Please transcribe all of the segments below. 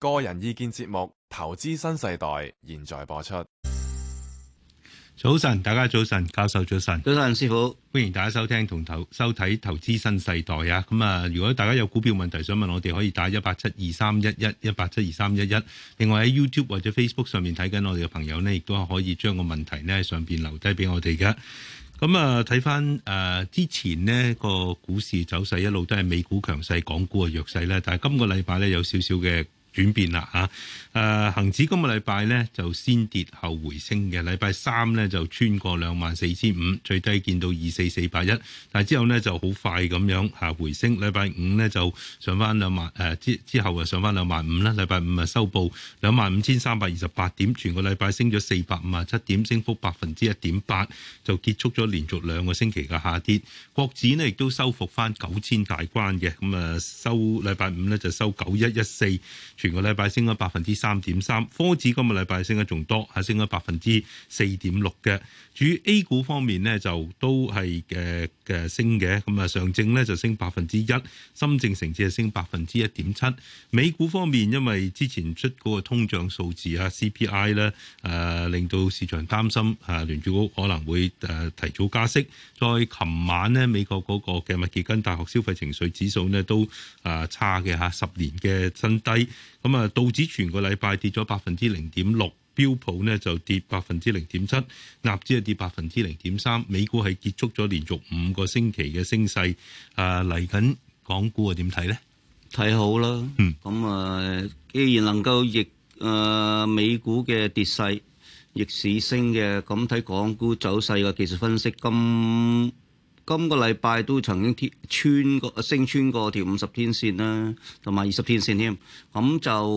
個人意見節目《投資新世代》現在播出。早晨，大家早晨，教授早晨，早晨上師傅，歡迎大家收聽同投收睇投，收睇《投資新世代》啊！咁啊，如果大家有股票問題想問我哋，可以打一八七二三一一一八七二三一一。另外喺 YouTube 或者 Facebook 上面睇緊我哋嘅朋友呢，亦都可以將個問題咧喺上邊留低俾我哋嘅。咁啊，睇返誒之前呢個股市走勢一路都係美股強勢，港股嘅弱勢咧，但係今個禮拜呢，有少少嘅。轉變啦嚇！誒、呃、恆指今個禮拜呢，就先跌後回升嘅，禮拜三呢，就穿過兩萬四千五，最低見到二四四八一，但係之後呢，就好快咁樣嚇回升。禮拜五呢，就上翻兩萬誒之、呃、之後啊上翻兩萬五啦。禮拜五啊收報兩萬五千三百二十八點，全個禮拜升咗四百五十七點，升幅百分之一點八，就結束咗連續兩個星期嘅下跌。國指呢，亦都收復翻九千大關嘅，咁啊收禮拜五呢，就收九一一四。全個禮拜升咗百分之三點三，科指今個禮拜升得仲多，係升咗百分之四點六嘅。至於 A 股方面呢，就都係嘅嘅升嘅，咁啊上證呢就升百分之一，深證成指係升百分之一點七。美股方面，因為之前出嗰個通脹數字 CP I，啊 CPI 呢，誒令到市場擔心啊聯儲局可能會誒提早加息。再琴晚呢，美國嗰個嘅密芝根大學消費情緒指數呢，都啊差嘅嚇，十年嘅新低。咁啊，道指全個禮拜跌咗百分之零點六，標普呢就跌百分之零點七，納指係跌百分之零點三，美股係結束咗連續五個星期嘅升勢。啊，嚟緊港股啊，點睇呢？睇好啦，嗯，咁啊，既然能夠逆誒美股嘅跌勢逆市升嘅，咁睇港股走勢嘅技術分析咁。今個禮拜都曾經穿過升穿過條五十天線啦，同埋二十天線添。咁就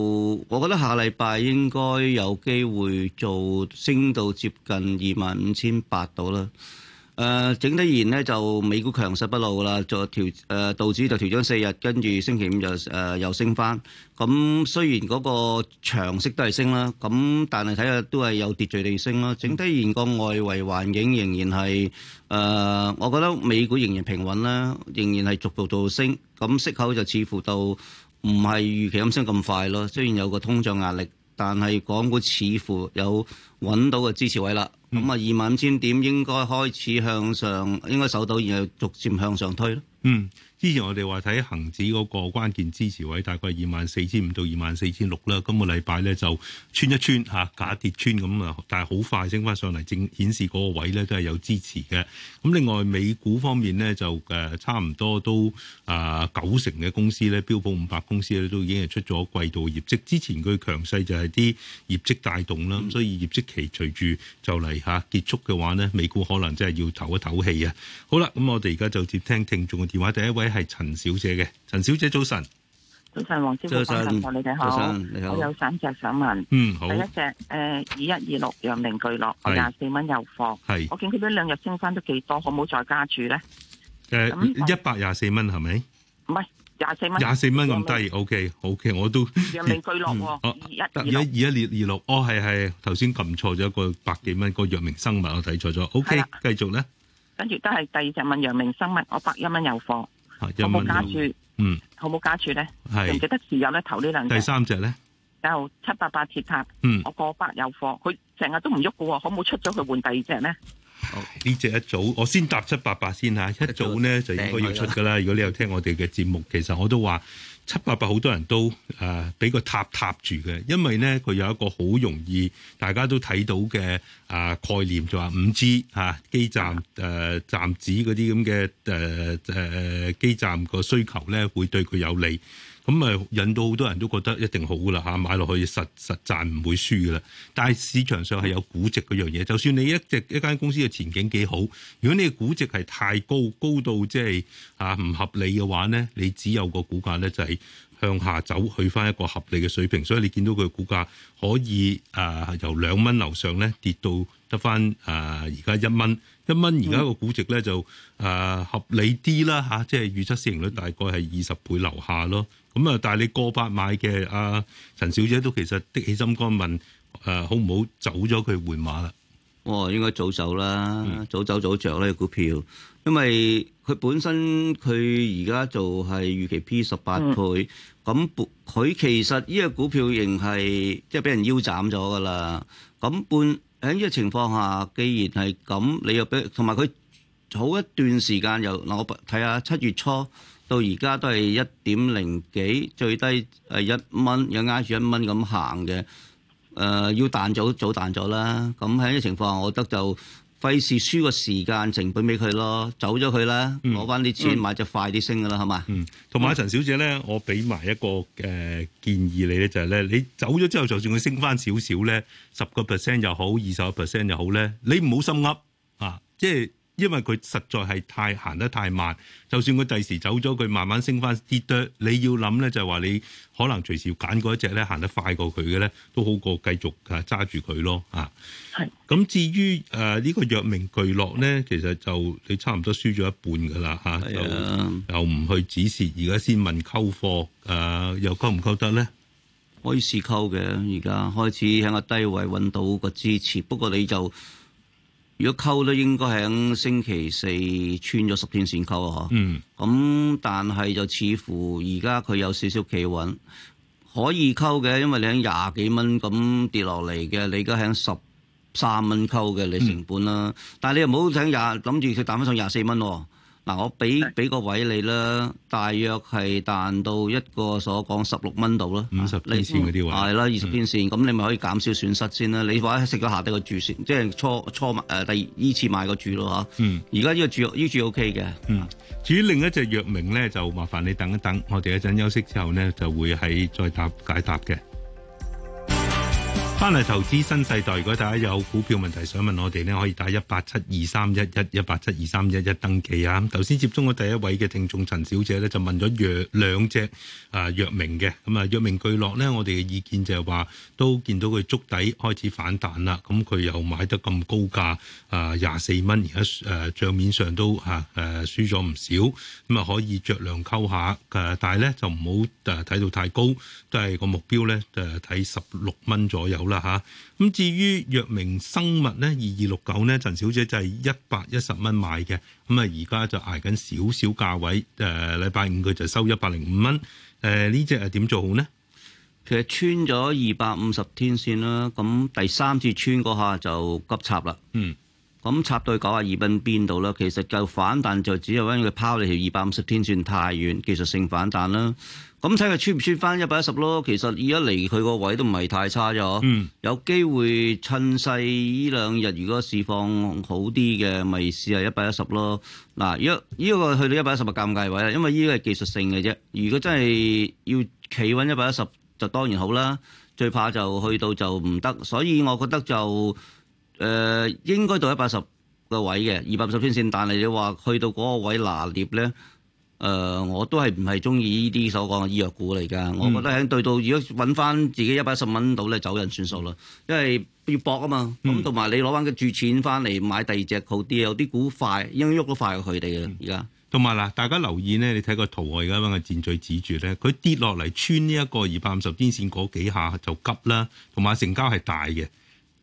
我覺得下禮拜應該有機會做升到接近二萬五千八度啦。誒整體而言咧，就美股強勢不露啦，就調誒道指就調整四日，跟住星期五就誒又升翻。咁雖然嗰個長息都係升啦，咁但係睇下都係有秩序地升啦。整體而言，個外圍環境仍然係誒，我覺得美股仍然平穩啦，仍然係逐步逐步升。咁息口就似乎到唔係預期咁升咁快咯，雖然有個通脹壓力。但係港股似乎有揾到個支持位啦，咁啊二萬五千點應該開始向上，應該守到然後逐漸向上推咯。嗯。之前我哋話睇恒指嗰個關鍵支持位大概二萬四千五到二萬四千六啦，今個禮拜咧就穿一穿嚇假跌穿咁啊，但係好快升翻上嚟，正顯示嗰個位咧都係有支持嘅。咁另外美股方面呢，就誒差唔多都啊九成嘅公司咧，標普五百公司咧都已經係出咗季度業績，之前佢強勢就係啲業績帶動啦，咁所以業績期隨住就嚟嚇結束嘅話呢，美股可能真係要唞一唞氣啊。好啦，咁我哋而家就接聽聽眾嘅電話，第一位。係陳小姐嘅，陳小姐早晨，早晨黃小姐，早晨同你哋好，我有三隻想問，嗯好，第一隻誒二一二六藥明巨諾係廿四蚊有貨，係，我見佢呢兩日升翻都幾多，可唔好再加注咧？誒一百廿四蚊係咪？唔係廿四蚊，廿四蚊咁低，OK OK，我都藥明巨諾二一二一列二六，哦係係，頭先撳錯咗個百幾蚊個藥明生物我睇錯咗，OK，繼續咧，跟住都係第二隻問藥明生物，我百一蚊有貨。可冇加注？嗯，可冇加注咧？係唔值得持有咧？投呢兩？第三隻咧，有七八八鐵塔。嗯，我個百有貨，佢成日都唔喐噶喎，可冇出咗去換第二隻咧？呢隻 Okay. 一早我先搭七八八先吓，一早咧就應該要出噶啦。如果你有聽我哋嘅節目，其實我都話。七百八好多人都誒俾個塔塔住嘅，因為咧佢有一個好容易大家都睇到嘅啊、呃、概念就 G，啊，就話五 G 嚇基站誒、呃呃呃、站址嗰啲咁嘅誒誒基站個需求咧會對佢有利。咁咪引到好多人都覺得一定好噶啦嚇，買落去實實賺唔會輸噶啦。但係市場上係有估值嗰樣嘢，就算你一隻一間公司嘅前景幾好，如果你嘅估值係太高，高到即係啊唔合理嘅話咧，你只有個股價咧就係向下走，去翻一個合理嘅水平。所以你見到佢股價可以啊、呃、由兩蚊樓上咧跌到得翻啊而家一蚊，一蚊而家個估值咧就啊、呃、合理啲啦嚇，即、呃、係預測市盈率大概係二十倍樓下咯。咁啊！但係你過百買嘅阿、啊、陳小姐都其實的起心肝問誒、啊，好唔好走咗佢換馬啦？哦，應該早走啦，嗯、早走早著呢股票，因為佢本身佢而家就係預期 P 十八倍，咁佢、嗯、其實呢個股票仍係即係俾人腰斬咗噶啦。咁半喺呢個情況下，既然係咁，你又俾同埋佢好一段時間又嗱，我睇下七月初。到而家都係一點零幾，最低係一蚊，有挨住一蚊咁行嘅。誒、呃，要彈就早彈咗啦。咁喺呢個情況，我覺得就費事輸個時間成本俾佢咯，走咗佢啦，攞翻啲錢買隻快啲升嘅啦，係嘛？嗯，同埋阿陳小姐咧，我俾埋一個誒、呃、建議你咧，就係、是、咧，你走咗之後，就算佢升翻少少咧，十個 percent 又好，二十個 percent 又好咧，你唔好心噏啊，即係。因為佢實在係太行得太慢，就算佢第時走咗，佢慢慢升翻跌哆，你要諗咧就係話你可能隨時揀嗰隻咧行得快過佢嘅咧，都好過繼續啊揸住佢咯嚇。係。咁至於誒呢個藥明巨諾咧，其實就你差唔多輸咗一半噶啦嚇。又唔去指示，而家先問溝貨啊，又溝唔溝得咧？可以試溝嘅，而家開始喺個低位揾到個支持，不過你就。如果溝咧，應該喺星期四穿咗十天線溝啊！嗬、嗯，咁、嗯、但係就似乎而家佢有少少企穩，可以溝嘅，因為你喺廿幾蚊咁跌落嚟嘅，你而家喺十三蚊溝嘅，你成本啦。嗯、但係你又唔好想廿諗住佢彈翻上廿四蚊喎。嗱、啊，我俾俾個位你啦，大約係彈到一個所講十六蚊度啦，五十天線嗰啲位，係啦你、嗯，二十天線，咁、嗯、你咪可以減少損失先啦。你或者食咗下底、啊嗯、個住先，即係初初買第二次買個住咯吓、OK，嗯，而家呢個住呢住 O K 嘅。嗯，至於另一隻藥名咧，就麻煩你等一等，我哋一陣休息之後咧，就會喺再答解答嘅。翻嚟投資新世代，如果大家有股票問題想問我哋呢，可以打一八七二三一一一八七二三一一，登記啊。頭先接觸我第一位嘅聽眾陳小姐呢，就問咗藥兩隻啊，藥明嘅，咁啊藥明巨樂呢，我哋嘅意見就係話都見到佢觸底開始反彈啦。咁佢又買得咁高價啊，廿四蚊，而家誒帳面上都嚇誒、啊啊、輸咗唔少，咁啊可以酌量溝下、啊、但係呢，就唔好誒睇到太高，都係個目標咧誒睇十六蚊左右啦。啊咁至於藥明生物咧，二二六九咧，陳小姐就係一百一十蚊買嘅，咁啊而家就挨緊少少價位，誒禮拜五佢就收、呃、一百零五蚊，誒呢隻係點做好呢？其實穿咗二百五十天線啦，咁第三次穿嗰下就急插啦，嗯，咁插到去九啊二蚊邊度啦，其實就反彈就只係因為佢拋離條二百五十天線太遠，技術性反彈啦。咁睇佢穿唔穿返一百一十咯，其實而家嚟，佢個位都唔係太差咗。嗬、嗯。有機會趁勢依兩日，如果市況好啲嘅，咪試下一百一十咯。嗱，依、這、依個去到一百一十咪尷尬位喇，因為呢個係技術性嘅啫。如果真係要企穩一百一十，就當然好啦。最怕就去到就唔得，所以我覺得就誒、呃、應該到一百一十嘅位嘅，二百五十天線。但係你話去到嗰個位拿捏咧？誒、呃，我都係唔係中意呢啲所講嘅醫藥股嚟噶？嗯、我覺得喺對到，如果揾翻自己一百一十蚊到咧，走人算數啦。因為要搏啊嘛，咁同埋你攞翻個注錢翻嚟買第二隻好啲，有啲股快，應喐都快過佢哋嘅。而家同埋嗱，大家留意呢，你睇個圖外而家咁嘅箭嘴指住咧，佢跌落嚟穿呢一個二百五十天線嗰幾下就急啦，同埋成交係大嘅。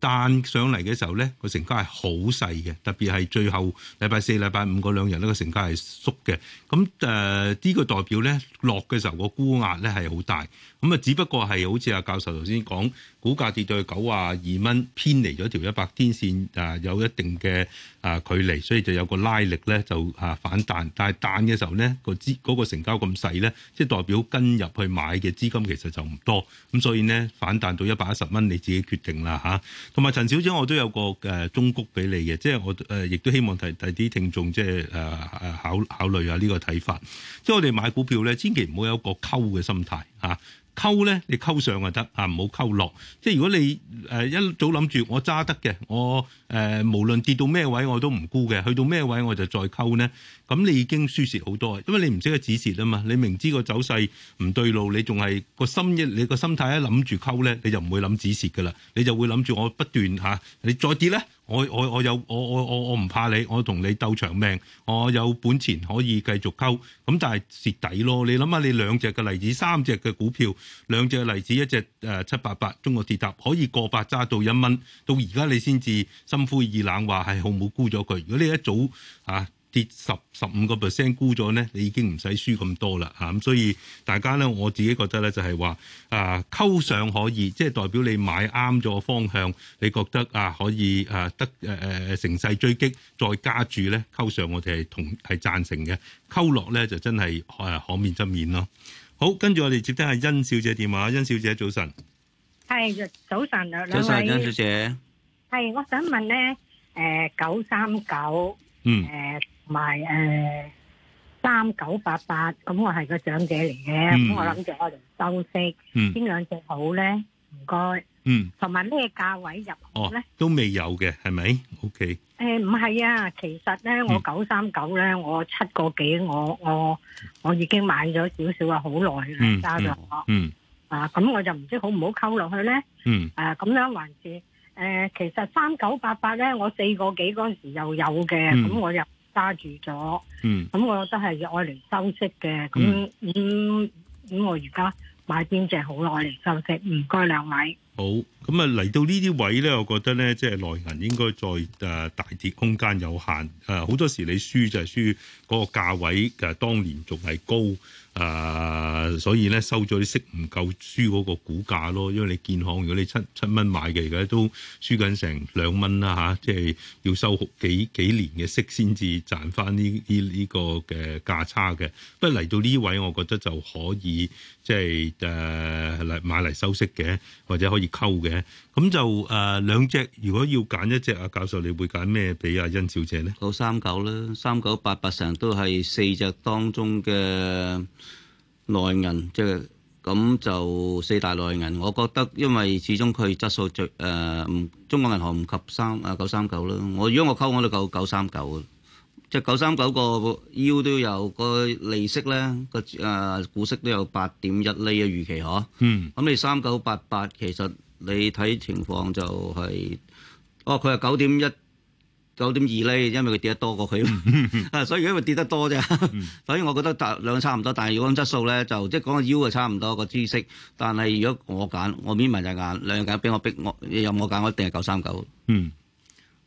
彈上嚟嘅時候咧，個成交係好細嘅，特別係最後禮拜四、禮拜五嗰兩日咧，個成交係縮嘅。咁誒，呢、呃呢個代表咧落嘅時候個沽壓咧係好大。咁啊，只不過係好似阿教授頭先講，股價跌到九啊二蚊，偏離咗條一百天線，啊有一定嘅啊距離，所以就有個拉力咧，就啊反彈。但係彈嘅時候咧，個資嗰個成交咁細咧，即係代表跟入去買嘅資金其實就唔多。咁所以呢，反彈到一百一十蚊，你自己決定啦嚇。同埋陳小姐，我都有個誒中谷俾你嘅，即係我誒亦都希望提提啲聽眾即係誒誒考考慮下呢個睇法。即係我哋買股票咧，千祈唔好有個溝嘅心態。嚇、啊，溝咧你溝上就得，啊唔好溝落。即係如果你誒、呃、一早諗住我揸得嘅，我誒、呃、無論跌到咩位我都唔沽嘅，去到咩位我就再溝咧。咁你已經輸蝕好多，因為你唔識得止蝕啊嘛。你明知個走勢唔對路，你仲係個心一你個心態一諗住溝呢，你就唔會諗止蝕嘅啦。你就會諗住我不斷嚇、啊，你再跌呢，我我我有我我我我唔怕你，我同你鬥長命，我有本錢可以繼續溝。咁但係蝕底咯。你諗下，你兩隻嘅例子，三隻嘅股票，兩隻嘅例子，一隻誒七八八、中國鐵塔可以過百揸到一蚊，到而家你先至心灰意冷，話係好冇沽咗佢。如果你一早嚇～、啊跌十十五個 percent 沽咗咧，你已經唔使輸咁多啦嚇。咁，所以大家咧，我自己覺得咧就係話啊，溝上可以，即係代表你買啱咗方向，你覺得啊可以得啊得誒誒乘勢追擊再加注咧，溝上我哋係同係贊成嘅，溝落咧就真係誒可免則免咯。好，跟住我哋接聽下殷小姐電話，殷小姐早晨，係早晨早晨，殷小姐，係我想問咧，誒九三九，39，呃、嗯誒。同埋誒，三九八八咁我係個長者嚟嘅，咁我諗住我哋收息，邊兩隻好咧？唔該，嗯，同埋咩價位入好咧？都未有嘅係咪？O K，誒唔係啊，其實咧我九三九咧我七個幾我我我已經買咗少少啊，好耐啦，揸咗，嗯啊，咁我就唔知好唔好溝落去咧，嗯，誒咁樣還是誒，其實三九八八咧我四個幾嗰陣時又有嘅，咁我就。揸住咗，咁、嗯嗯嗯、我覺得係愛嚟收息嘅，咁咁咁我而家買邊隻好咧？愛嚟收息，唔該兩位。好，咁啊嚟到呢啲位咧，我覺得咧，即係內銀應該再誒大跌空間有限，誒好多時你輸就係輸嗰、嗰個價位嘅當年仲係高。啊、呃，所以咧收咗啲息唔夠，輸嗰個股價咯。因為你建行如果你七七蚊買嘅，而家都輸緊成兩蚊啦吓，即、啊、係、就是、要收好幾幾年嘅息先至賺翻呢呢呢個嘅價差嘅。不過嚟到呢位，我覺得就可以即係誒嚟買嚟收息嘅，或者可以溝嘅。咁就誒兩隻，如果要揀一隻，阿教授你會揀咩俾阿欣小姐咧？九三九啦，三九八八，成都係四隻當中嘅內銀，即係咁就四大內銀。我覺得因為始終佢質素最誒，唔中國銀行唔及三，啊九三九啦。我如果我溝我都夠九三九嘅，即係九三九個 yield 都有個利息咧，個誒股息都有八點一釐嘅預期嗬。嗯，咁你三九八八其實。你睇情況就係、是，哦，佢話九點一、九點二咧，因為佢跌得多過佢， 所以因為跌得多啫。 所以我覺得兩差唔多，但係如果質素咧就即係講、那個腰係差唔多個姿色，但係如果我揀，我瞇埋隻眼兩隻眼俾我逼我，有我揀我一定係九三九。嗯，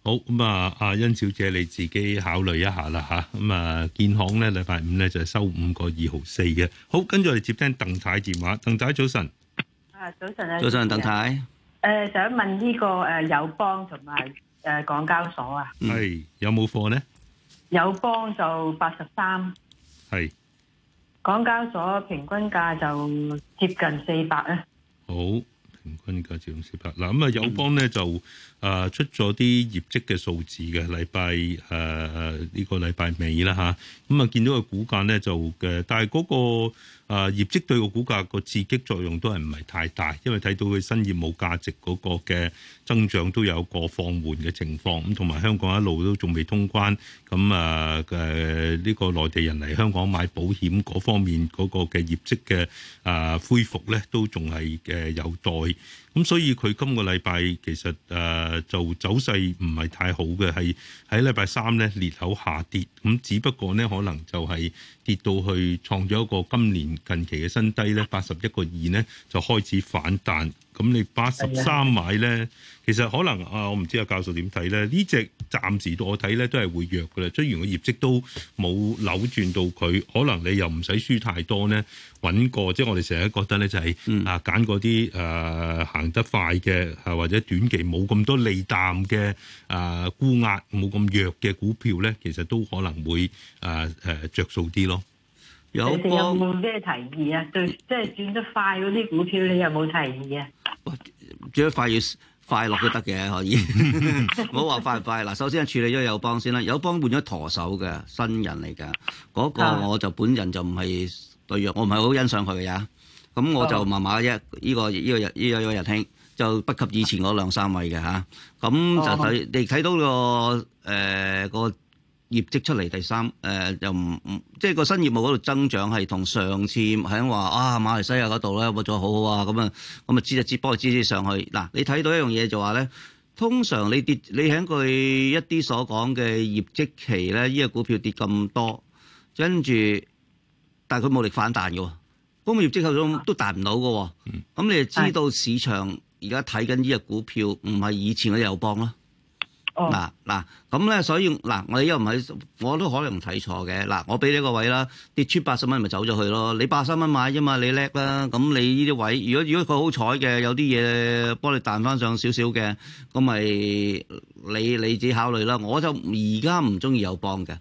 好咁啊，阿欣小姐你自己考慮一下啦嚇。咁啊，建、啊、行咧禮拜五咧就收五個二毫四嘅。好，跟住我哋接聽鄧太電話。鄧太早晨。早晨啊，早晨，鄧太。誒、呃，想問呢個誒友邦同埋誒港交所啊。係、嗯、有冇貨咧？友邦就八十三。係是。港交所平均價就接近四百咧。好，平均價接近四百。嗱、嗯，咁啊友邦咧就啊、呃、出咗啲業績嘅數字嘅，禮拜誒呢、呃這個禮拜尾啦吓。咁啊，這個啊嗯、見到個股價咧就嘅、呃，但係嗰、那個。誒業績對個股價個刺激作用都係唔係太大，因為睇到佢新業務價值嗰個嘅增長都有個放緩嘅情況，咁同埋香港一路都仲未通關，咁啊誒呢個內地人嚟香港買保險嗰方面嗰個嘅業績嘅誒恢復咧，都仲係誒有待。咁所以佢今個禮拜其實誒就走勢唔係太好嘅，係喺禮拜三咧，裂口下跌。咁只不過咧，可能就係跌到去創咗一個今年近期嘅新低咧，八十一個二咧，就開始反彈。咁你八十三買咧，其實可能啊，我唔知阿教授點睇咧？呢隻暫時我睇咧都係會弱嘅啦。雖然個業績都冇扭轉到佢，可能你又唔使輸太多咧，揾個即係我哋成日覺得咧就係、是、啊揀嗰啲誒行得快嘅、啊，或者短期冇咁多利淡嘅啊沽壓冇咁弱嘅股票咧，其實都可能會誒誒著數啲咯。有方有冇咩提議啊？對，即、就、係、是、轉得快嗰啲股票，你有冇提議啊？轉、哦、得快要快樂都得嘅，可以。唔好話快唔快。嗱，首先處理咗友邦先啦。友邦換咗舵手嘅新人嚟嘅，嗰、那個我就本人就唔係對藥，我唔係好欣賞佢嘅。咁我就麻麻啫。呢、oh. 這個依、這個依、這個仁兄、這個、就不及以前嗰兩三位嘅吓。咁就睇、oh. 你睇到個誒、呃、個。業績出嚟第三，誒又唔唔，即係個新業務嗰度增長係同上次喺話啊，馬來西亞嗰度咧，乜仲好好啊咁啊，咁啊接就支波，支支上去。嗱，án, 你睇到一樣嘢就話咧，通常你跌，你喺佢一啲所講嘅業績期咧，呢個股票跌咁多，跟住但係佢冇力反彈嘅，咁個業績好咗都彈唔到嘅，咁你就知道市場而家睇緊呢隻股票唔係以前嘅友邦啦。嗱嗱，咁咧、oh. 啊啊、所以嗱、啊，我哋又唔係，我都可能唔睇錯嘅。嗱、啊，我俾你個位啦，跌出八十蚊咪走咗去咯。你八十蚊買啫嘛，你叻啦。咁你呢啲位，如果如果佢好彩嘅，有啲嘢幫你彈翻上少少嘅，咁咪你你自己考慮啦。我就而家唔中意友邦嘅，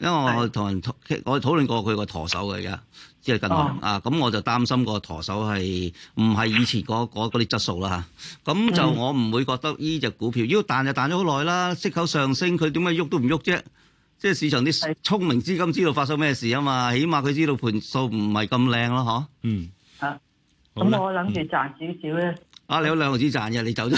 因為我同人的我討論過佢個舵手嘅而即係近啊，咁我就擔心個舵手係唔係以前嗰嗰嗰啲質素啦嚇。咁就我唔會覺得依隻股票，要彈就彈咗好耐啦。息口上升，佢點解喐都唔喐啫？即係市場啲聰明資金知道發生咩事啊嘛，起碼佢知道盤數唔係咁靚咯，嗬？嗯。啊，咁我諗住賺少少咧。啊，你有兩毫子賺嘅，你走咗。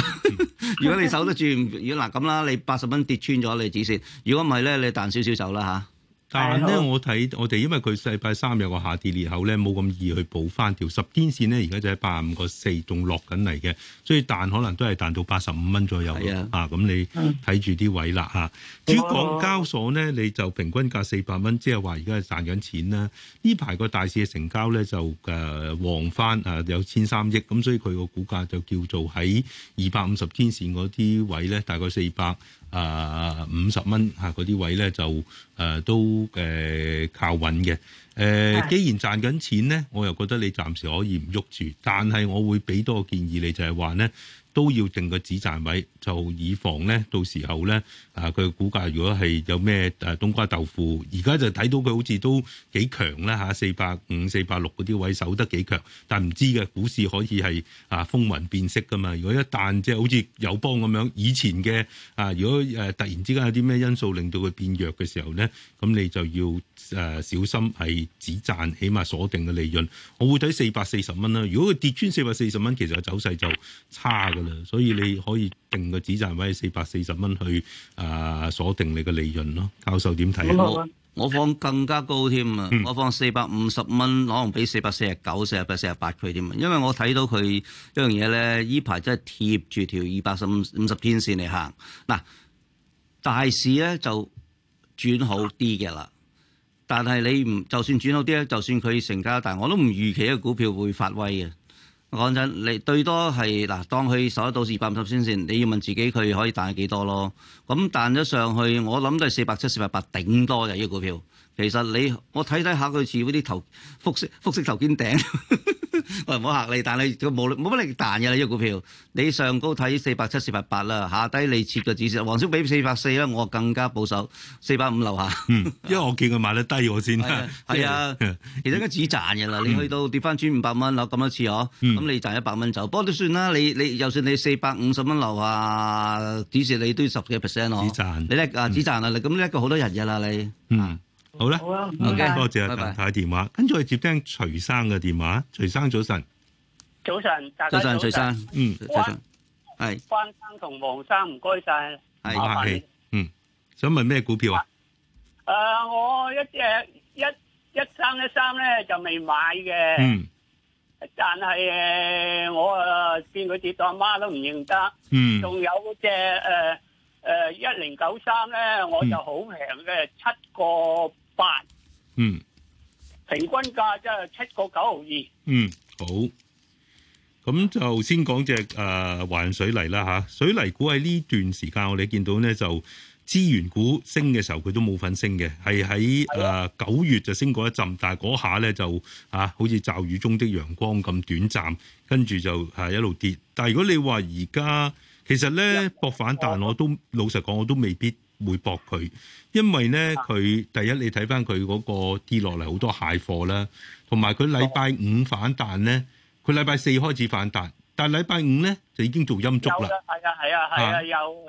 如果你守得住，如果嗱咁啦，你八十蚊跌穿咗你止蝕。如果唔係咧，你彈少少走啦嚇。但咧好，我睇我哋，因為佢禮拜三有個下跌裂口咧，冇咁易去補翻條十天線咧，而家就係八十五個四，仲落緊嚟嘅，所以彈可能都係彈到八十五蚊左右咯。啊，咁你睇住啲位啦嚇。隻港交所呢，你就平均價四百蚊，即係話而家係賺緊錢啦。呢排個大市嘅成交呢，就誒旺翻，誒、呃呃、有千三億，咁所以佢個股價就叫做喺二百五十天線嗰啲位呢，大概四百啊五十蚊吓嗰啲位呢，就誒、呃、都誒、呃、靠穩嘅。誒、呃，既然賺緊錢咧，我又覺得你暫時可以唔喐住，但係我會俾多個建議你，就係話咧都要定個止賺位，就以防咧到時候咧啊，佢嘅股價如果係有咩誒冬瓜豆腐，而家就睇到佢好似都幾強啦嚇，四百五、四百六嗰啲位守得幾強，但唔知嘅股市可以係啊風雲變色噶嘛，如果一旦即係、就是、好似友邦咁樣，以前嘅啊，如果誒、啊、突然之間有啲咩因素令到佢變弱嘅時候咧，咁你就要。誒、啊、小心係止賺，起碼鎖定嘅利潤，我會睇四百四十蚊啦。如果佢跌穿四百四十蚊，其實個走勢就差㗎啦。所以你可以定個止賺位四百四十蚊去誒、啊、鎖定你嘅利潤咯。教授點睇啊？我放更加高添啊！嗯、我放四百五十蚊，可能俾四百四十九、四百四十八佢添。啊？因為我睇到佢一樣嘢咧，呢排真係貼住條二百五十天線嚟行。嗱、啊，大市咧就轉好啲嘅啦。但係你唔，就算轉好啲咧，就算佢成交，但係我都唔預期呢個股票會發威嘅。講真，你最多係，嗱，當佢收得到到二百五十先先，你要問自己佢可以彈幾多咯？咁彈咗上去，我諗都係四百七、四百八頂多就呢個股票。其實你我睇睇下佢似嗰啲頭複式複式頭肩頂，我唔好嚇你，但係佢冇冇乜力彈嘅呢隻股票。你上高睇四百七四百八啦，下低你設個止蝕，黃叔俾四百四啦，我更加保守四百五留下。因為我見佢買得低我先。係啊，其實個止賺㗎啦。你去到跌翻轉五百蚊，攞咁多次哦，咁你賺一百蚊走，不過都算啦。你你就算你四百五十蚊留下止蝕，你都要十幾 percent 哦。止賺，你叻啊！止賺啊！你咁叻過好多人㗎啦你。嗯。好啦，唔該，多謝阿鄧太電話，跟住我接聽徐生嘅電話。徐生早晨，早晨，早晨，徐生，嗯，早晨，係，關生同黃生，唔該晒，係，客氣，嗯，想問咩股票啊？誒，我一隻一一三一三咧就未買嘅，嗯，但係誒，我啊見佢跌到阿媽都唔認得，嗯，仲有隻誒誒一零九三咧，我就好平嘅，七個。八，嗯，平均價即係七個九毫二。嗯，好。咁就先講隻誒，華潤水泥啦吓，水泥股喺呢段時間我哋見到咧，就資源股升嘅時候佢都冇份升嘅，係喺誒九月就升過一浸，但係嗰下咧就啊，好似驟雨中的陽光咁短暫，跟住就係一路跌。但係如果你話而家，其實咧博的反彈，我，的我都老實講，我都未必。會搏佢，因為咧佢第一你睇翻佢嗰個跌落嚟好多蟹貨啦，同埋佢禮拜五反彈咧，佢禮拜四開始反彈，但係禮拜五咧就已經做陰燭啦。係啊係啊係啊有。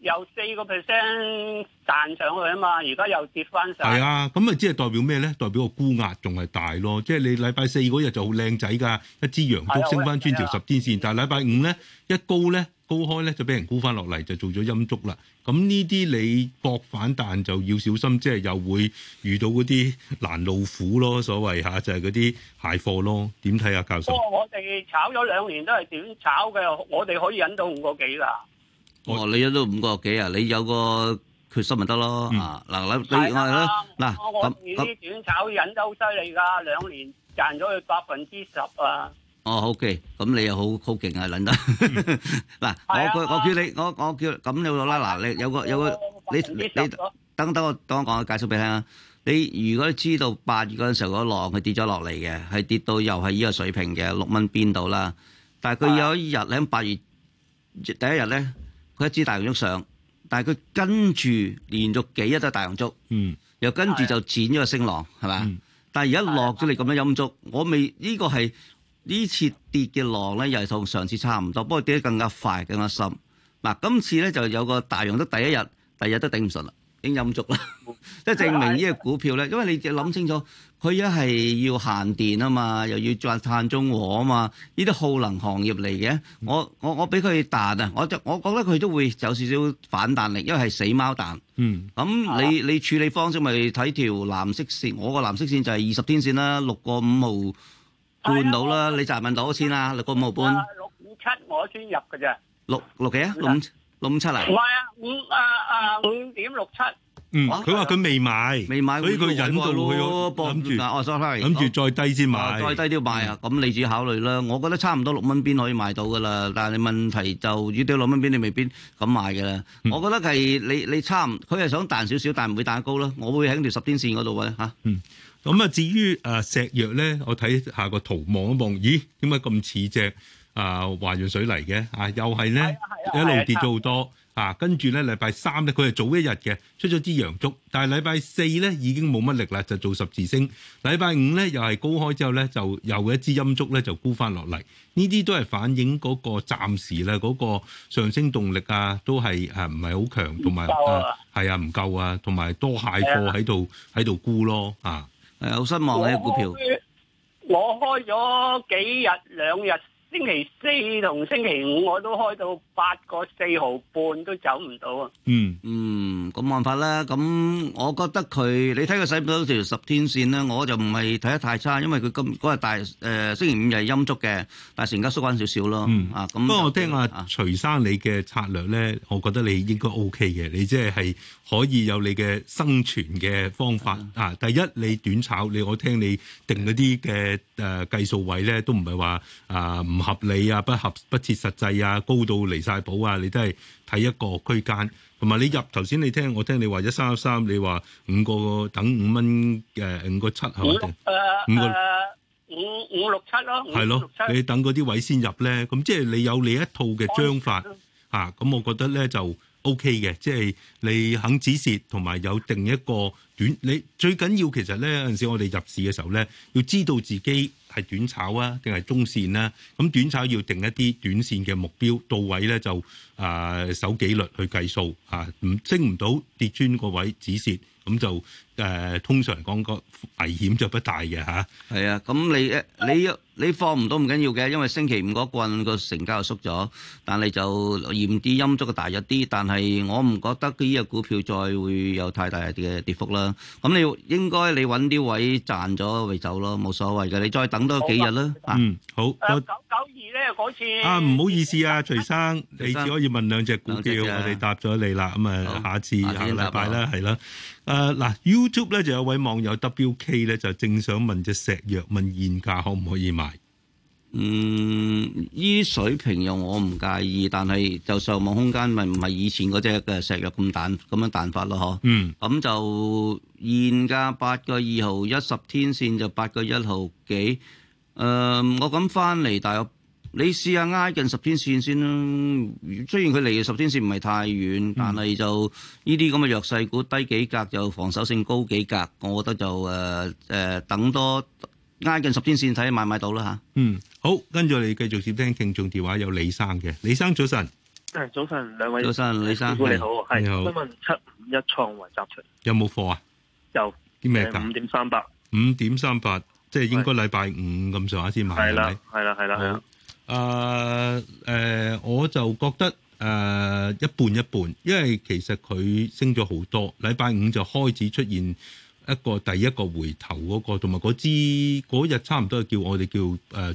由四個 percent 彈上去啊嘛，而家又跌翻曬。係啊，咁咪即係代表咩咧？代表個沽壓仲係大咯，即係你禮拜四嗰日就好靚仔㗎，一支陽燭升翻穿條十天線，的但係禮拜五咧一高咧高開咧就俾人沽翻落嚟，就做咗陰燭啦。咁呢啲你搏反彈就要小心，即係又會遇到嗰啲攔路虎咯，所謂吓，就係嗰啲蟹貨咯。點睇啊，教授？不過我哋炒咗兩年都係點炒嘅，我哋可以忍到五個幾㗎。我你都都五個幾啊？你有個決心咪得咯啊！嗱，你係咧嗱，咁咁啲短炒引都好犀利噶，兩年賺咗佢百分之十啊！哦，好嘅，咁你又好好勁啊，林德嗱，我我叫你我我叫咁你啦嗱，你有個有個你你等等我講一講，我介紹俾你聽。你如果知道八月嗰陣時候嗰浪佢跌咗落嚟嘅，係跌到又係呢個水平嘅六蚊邊度啦。但係佢有一日你喺八月第一日咧。佢一支大陽燭上，但係佢跟住連續幾日都係大陽燭，嗯，又跟住就剪咗個升浪，係咪？嗯、但係而家落咗你咁樣陰燭，我未呢、呢個係呢次跌嘅浪咧，又係同上次差唔多，不過跌得更加快、更加深。嗱、啊，今次咧就有個大陽燭，第一日、第二日都頂唔順啦，已經陰燭啦，即 係證明呢個股票咧，因為你諗清楚。佢一係要限電啊嘛，又要着碳中和啊嘛，呢啲耗能行業嚟嘅，我我我俾佢彈啊，我就我覺得佢都會有少少反彈力，因為係死貓彈。嗯。咁你、啊、你，你你，你處理方式咪睇條藍色線，我個藍色線就係二十天線啦，六個五毫半到啦，你集到攞先啦，六個五毫半。六五七我先入嘅啫。六六幾啊？六五七啊？唔係啊，五啊啊五點六七。五五嗯，佢話佢未買，未買，所以佢忍住佢諗住，諗住再低先買，再低都要買啊！咁你自己考慮啦，我覺得差唔多六蚊邊可以買到噶啦，但係問題就如果跌到六蚊邊你未必敢買噶啦。我覺得係你你差唔，佢係想彈少少，但係唔會彈高咯。我會喺條十天線嗰度位吓。嗯，咁啊，至於誒石藥咧，我睇下個圖望一望，咦，點解咁似隻誒華潤水泥嘅啊？又係咧，一路跌咗好多。啊，跟住咧，禮拜三咧，佢係早一日嘅出咗支陽燭，但係禮拜四咧已經冇乜力啦，就做十字星。禮拜五咧又係高開之後咧，就又一支陰燭咧就沽翻落嚟。呢啲都係反映嗰個暫時咧嗰個上升動力啊，都係誒唔係好強，同埋啊係啊唔夠啊，同埋多蟹貨喺度喺度沽咯啊，係好、啊、失望嘅、啊、股票。我開咗幾日兩日。星期四同星期五我都開到八個四毫半都走唔到啊！嗯嗯，咁冇辦法啦。咁我覺得佢你睇佢使唔到條十天線咧，我就唔係睇得太差，因為佢今嗰日大誒星期五又係陰燭嘅，但係成家縮翻少少咯。嗯啊咁。不過我聽阿徐生你嘅策略咧，我覺得你應該 OK 嘅，你即係係可以有你嘅生存嘅方法啊！第一你短炒你，我聽你定嗰啲嘅誒計數位咧，都唔係話啊唔～唔合理啊，不合不切實際啊，高到離晒譜啊！你都係睇一個區間，同埋你入頭先，你聽我聽你話一三一三，你話五個等五蚊嘅五個七係咪？五誒五五六七咯，係咯，你等嗰啲位先入咧。咁即係你有你一套嘅章法嚇。咁、啊啊、我覺得咧就 O K 嘅，即係你肯止蝕同埋有定一個短。你最緊要其實咧有陣時我哋入市嘅時候咧，要知道自己。係短炒啊，定係中線啦、啊。咁短炒要定一啲短線嘅目標到位咧，就啊、呃、守紀律去計數啊，唔升唔到跌穿個位止蝕。咁就誒、呃，通常講個危險就不大嘅嚇。係啊，咁、啊、你誒，你你放唔到唔緊要嘅，因為星期五嗰棍個成交又縮咗，但係就嚴啲陰足嘅大一啲，但係我唔覺得呢個股票再會有太大嘅跌幅啦。咁你應該你揾啲位賺咗咪走咯，冇所謂嘅。你再等多幾日啦。嗯，好。次啊，唔好意思啊，徐生，徐生你只可以問兩隻股票，我哋答咗你啦。咁啊，下次下個禮拜啦，係啦、啊。誒，嗱，YouTube 咧就有位網友 W K 咧就正想問隻石藥，問現價可唔可以買？嗯，依水平用我唔介意，但係就上網空間咪唔係以前嗰隻嘅石藥咁彈咁樣彈法咯，嗬？嗯。咁就現價八個二毫一十天線就八個一毫幾。誒、呃，我咁返嚟，大約。你試下挨近十天線先啦。雖然佢離十天線唔係太遠，但係就呢啲咁嘅弱勢股低幾格就防守性高幾格，我覺得就誒誒等多挨近十天線睇下買唔買到啦嚇。嗯，好，跟住你繼續接聽聽眾電話，有李生嘅。李生早晨，早晨，兩位早晨，李生你好，你好。新聞七五一創維集團有冇貨啊？有。啲咩價？五點三八。五點三八，即係應該禮拜五咁上下先買啦。係啦，係啦，係啦。誒誒、呃呃，我就覺得誒、呃、一半一半，因為其實佢升咗好多，禮拜五就開始出現。一個第一個回頭嗰、那個，同埋嗰支嗰日差唔多係叫我哋叫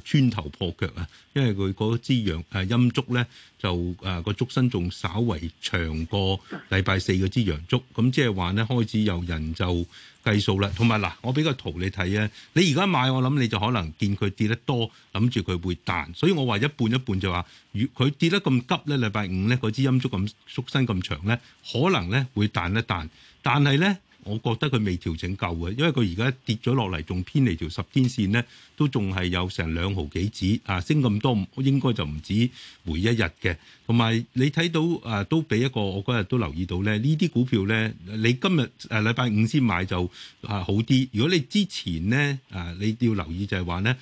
誒穿、呃、頭破腳啊，因為佢支陽誒、呃、陰燭咧就誒個、呃、燭身仲稍為長過禮拜四嗰支陽燭，咁即係話咧開始有人就計數啦。同埋嗱，我俾個圖你睇啊，你而家買我諗你就可能見佢跌得多，諗住佢會彈，所以我話一半一半就話，如佢跌得咁急咧，禮拜五咧嗰支陰燭咁燭身咁長咧，可能咧會彈一彈，但係咧。我覺得佢未調整夠嘅，因為佢而家跌咗落嚟，仲偏離條十天線呢，都仲係有成兩毫幾子啊！升咁多應該就唔止每一日嘅。同埋你睇到啊，都俾一個我嗰日都留意到咧，呢啲股票呢，你今日啊禮拜五先買就啊好啲。如果你之前呢，啊，你要留意就係話呢，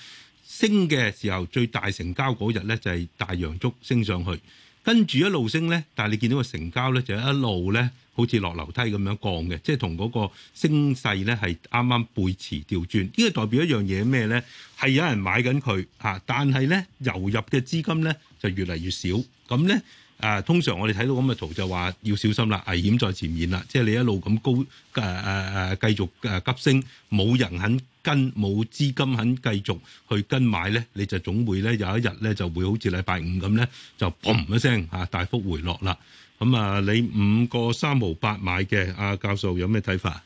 升嘅時候最大成交嗰日呢，就係、是、大陽燭升上去，跟住一路升呢，但係你見到個成交呢，就一路呢。好似落樓梯咁樣降嘅，即係同嗰個升勢咧係啱啱背馳調轉，呢個代表一樣嘢咩咧？係有人買緊佢嚇，但係咧流入嘅資金咧就越嚟越少，咁咧誒通常我哋睇到咁嘅圖就話要小心啦，危險在前面啦，即係你一路咁高誒誒誒繼續誒急升，冇人肯跟，冇資金肯繼續去跟買咧，你就總會咧有一日咧就會好似禮拜五咁咧就砰一聲嚇大幅回落啦。咁、嗯、啊，你五個三毛八買嘅阿教授有咩睇法？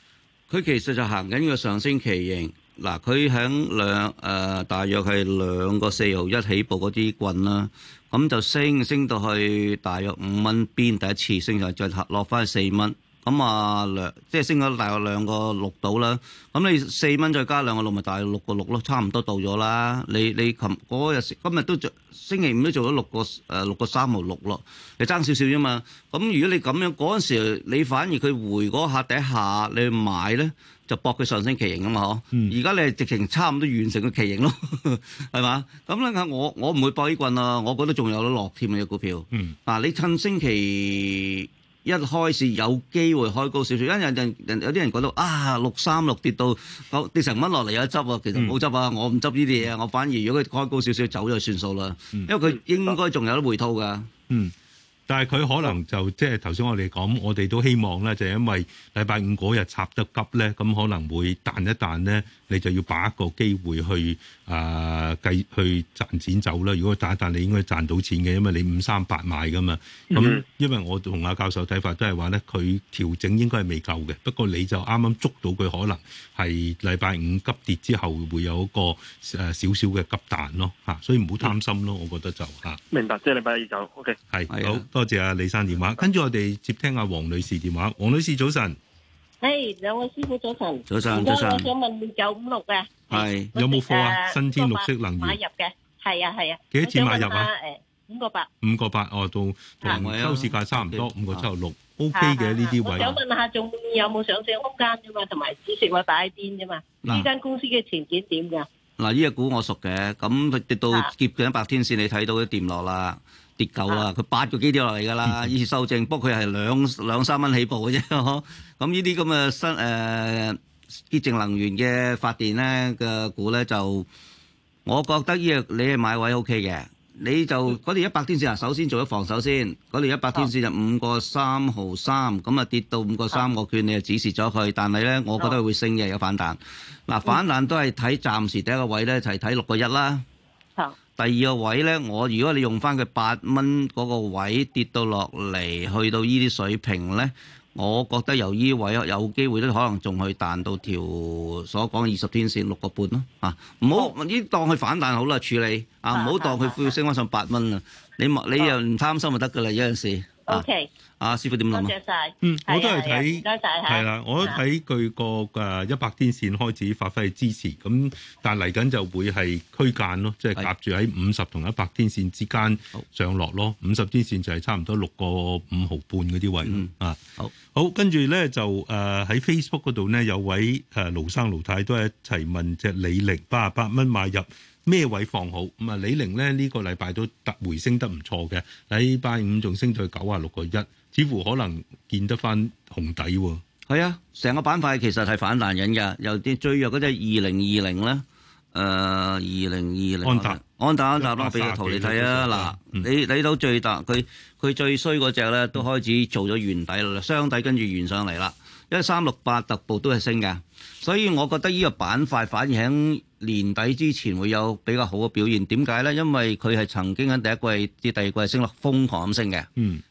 佢其實就行緊個上升旗形。嗱，佢喺兩誒，大約係兩個四毫一起步嗰啲棍啦，咁就升升到去大約五蚊邊第一次升上，再落翻四蚊。咁啊，兩即係升咗大概兩個六度啦。咁你四蚊再加兩個六，咪大概六個六咯，差唔多到咗啦。你你琴嗰日今日都做星期五都做咗六個誒，六個三毫六咯，你爭少少啫嘛。咁如果你咁樣嗰陣時，你反而佢回嗰下底下你買咧，就搏佢上升旗形啊嘛嗬。而家你係直情差唔多完成個旗形咯，係嘛？咁咧，我我唔會搏呢棍啊，我覺得仲有得落添啊，啲股票。嗱，你趁星期。一開始有機會開高少少，因為人人有啲人覺得啊，六三六跌到跌成蚊落嚟，有得執啊，其實冇執啊，我唔執呢啲嘢，我反而如果佢開高少少走就算數啦，因為佢應該仲有得回吐㗎。嗯，但係佢可能就即係頭先我哋講，我哋都希望咧，就因為禮拜五嗰日插得急咧，咁可能會彈一彈咧，你就要把握個機會去。啊，計去賺錢走啦！如果打一你應該賺到錢嘅，因為你五三八買噶嘛。咁、嗯 mm hmm. 因為我同阿教授睇法都係話咧，佢調整應該係未夠嘅。不過你就啱啱捉到佢，可能係禮拜五急跌之後會有一個誒少少嘅急彈咯嚇，所以唔好貪心咯。Mm hmm. 我覺得就嚇，明白，即係禮拜二走，OK，係好的，多謝阿李生電話。跟住我哋接聽阿黃女士電話，黃女士早晨。誒，兩位師傅早晨，早晨，早晨。我想問九五六嘅，係，有冇貨啊？新天綠色能源買入嘅，係啊，係啊。幾多錢買入啊？誒，五個八，五個八哦，到同收市價差唔多，五個七毫六，OK 嘅呢啲位。我想問下，仲有冇上升空間啫嘛？同埋支持位擺喺邊啫嘛？呢間公司嘅前景點噶？嗱，呢隻股我熟嘅，咁跌到接近一百天線，你睇到都掂落啦。跌夠啦，佢八個基跌落嚟㗎啦。以前修正，不過佢係兩兩三蚊起步嘅啫。嗬，咁呢啲咁嘅新誒潔淨能源嘅發電咧嘅股咧，就我覺得依個你係買位 O K 嘅。你就嗰條一百天線啊，首先做咗防守先。嗰條一百天線就五個三毫三，咁啊跌到五個三，我勸你止蝕咗佢。但係咧，我覺得佢會升嘅，有反彈。嗱，反彈都係睇暫時第一個位咧，就係睇六個一啦。好。第二個位呢，我如果你用翻佢八蚊嗰個位跌到落嚟，去到呢啲水平呢，我覺得由呢位有機會咧，可能仲去彈到條所講二十天線六個半咯，啊，唔、哦、好呢當佢反彈好啦處理，啊，唔好反當佢升翻上八蚊啦，你你又唔貪心就得噶啦，有陣時。O.K.，阿、啊、師傅點諗啊？唔該曬嗯，我都係睇，唔該曬，係啦、啊，啊啊、我都睇佢個誒一百天線開始發揮支持，咁但嚟緊就會係區間咯，即係夾住喺五十同一百天線之間上落咯。五十好天線就係差唔多六個五毫半嗰啲位，嗯、啊，好，好，跟住咧就誒喺、呃、Facebook 嗰度呢，有位誒盧生盧太都係一齊問隻李力八十八蚊買入。咩位放好咁啊？李寧咧呢個禮拜都突回升得唔錯嘅，禮拜五仲升咗九啊六個一，似乎可能見得翻紅底喎。係啊，成個板塊其實係反彈緊㗎，由啲最弱嗰隻二零二零咧，誒二零二零安踏安踏，我俾個圖你睇啊！嗱，你睇到最大佢佢最衰嗰隻咧，都開始做咗圓底啦，雙底跟住圓上嚟啦，一三六八特步都係升嘅，所以我覺得呢個板塊反映。年底之前會有比較好嘅表現，點解咧？因為佢係曾經喺第一季至第二季升落瘋狂咁升嘅，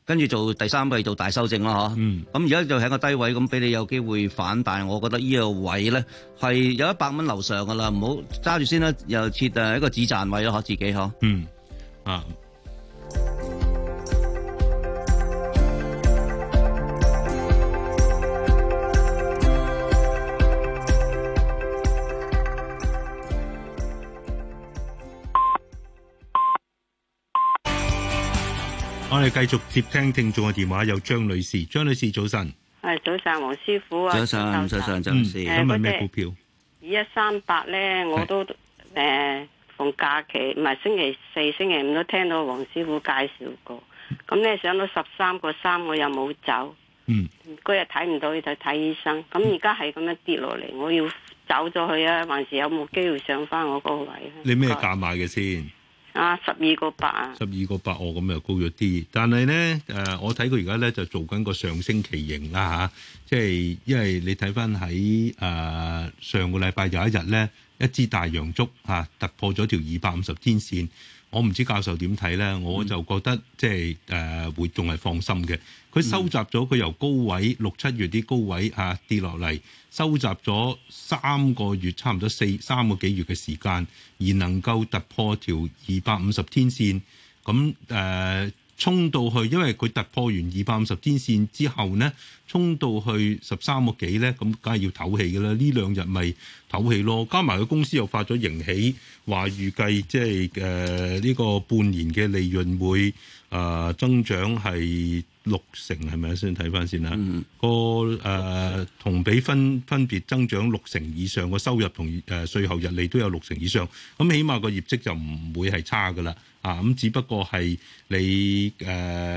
跟住做第三季做大修正啦，嚇、嗯。咁而家就喺個低位咁，俾你有機會反彈，但係我覺得呢個位咧係有一百蚊樓上㗎啦，唔好揸住先啦，又設一個止賺位咯，嚇自己，嚇。嗯，啊。我哋繼續接聽聽眾嘅電話，有張女士。張女士早晨。係早晨，黃師傅。啊，早晨，早晨。張女士，今日咩股票？二一三八咧，我都誒逢假期唔係星期四、星期五都聽到黃師傅介紹過，咁咧，上到十三個三我又冇走。嗯，嗰日睇唔到，就睇醫生，咁而家係咁樣跌落嚟，我要走咗去啊？還是有冇機會上翻我嗰個位咧？你咩價買嘅先？啊，十二個八啊！十二個八，我咁又高咗啲，但係咧，誒，我睇佢而家咧就做緊個上升旗形啦吓，即、啊、係、就是、因為你睇翻喺誒上個禮拜有一日咧一支大陽燭吓、啊、突破咗條二百五十天線。我唔知教授點睇咧，我就覺得即係誒會仲係放心嘅。佢收集咗佢由高位六七月啲高位吓、啊、跌落嚟，收集咗三個月差唔多四三個幾月嘅時間，而能夠突破條二百五十天線，咁誒。呃衝到去，因為佢突破完二百五十天線之後呢，衝到去十三個幾呢，咁梗係要唞氣嘅啦。呢兩日咪唞氣咯，加埋個公司又發咗盈喜，話預計即係誒呢個半年嘅利潤會誒、呃、增長係，六成係咪先睇翻先啦？嗯、個誒、呃、同比分分別增長六成以上，個收入同誒稅後日利都有六成以上，咁起碼個業績就唔會係差嘅啦。啊，咁只不過係你誒，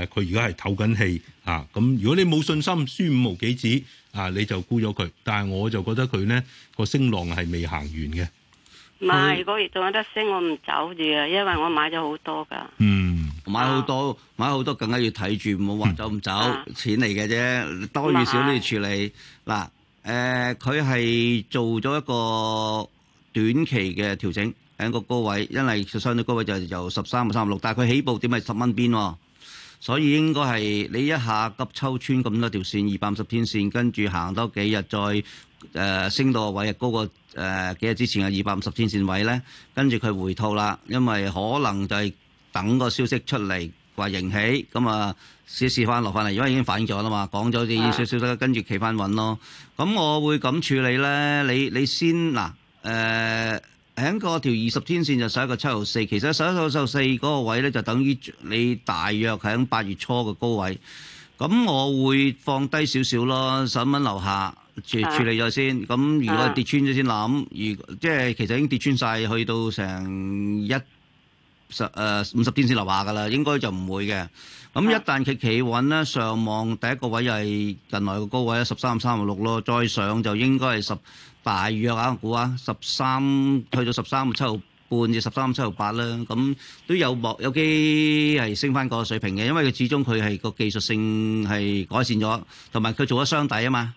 佢而家係唞緊氣啊。咁如果你冇信心，輸五毫幾子啊，你就沽咗佢。但係我就覺得佢咧個升浪係未行完嘅。唔係個月仲有得升，我唔走住啊，因為我買咗好多㗎。嗯，買好多，啊、買好多更加要睇住，唔好話走唔走，嗯、錢嚟嘅啫，多與少都要處理。嗱、嗯，誒，佢、呃、係做咗一個短期嘅調整喺個高位，因為上到高位就由十三三十六，36，但係佢起步點係十蚊邊喎、哦。所以應該係你一下急抽穿咁多條線，二百五十天線，跟住行多幾日再誒、呃、升到個位高過誒、呃、幾日之前嘅二百五十天線位咧，跟住佢回吐啦，因為可能就係等個消息出嚟話迎起，咁啊試一試翻落翻嚟，因為已經反映咗啦嘛，講咗啲少少啦，跟住企翻穩咯。咁我會咁處理咧，你你先嗱誒。喺嗰條二十天線就收一個七六四，其實收一個七六四嗰個位咧，就等於你大約係喺八月初嘅高位。咁我會放低少少咯，十蚊樓下處處理咗先。咁如果跌穿咗先諗，如即係其實已經跌穿晒，去到成一十誒五十天線樓下㗎喇，應該就唔會嘅。咁一旦企企穩咧，上望第一個位又係近來嘅高位啦，十三三六六咯，再上就應該係十。大約啊，估下十三去到十三七毫半至十三七毫八啦，咁都有望有機係升翻個水平嘅，因為佢始終佢係個技術性係改善咗，同埋佢做咗雙底啊嘛，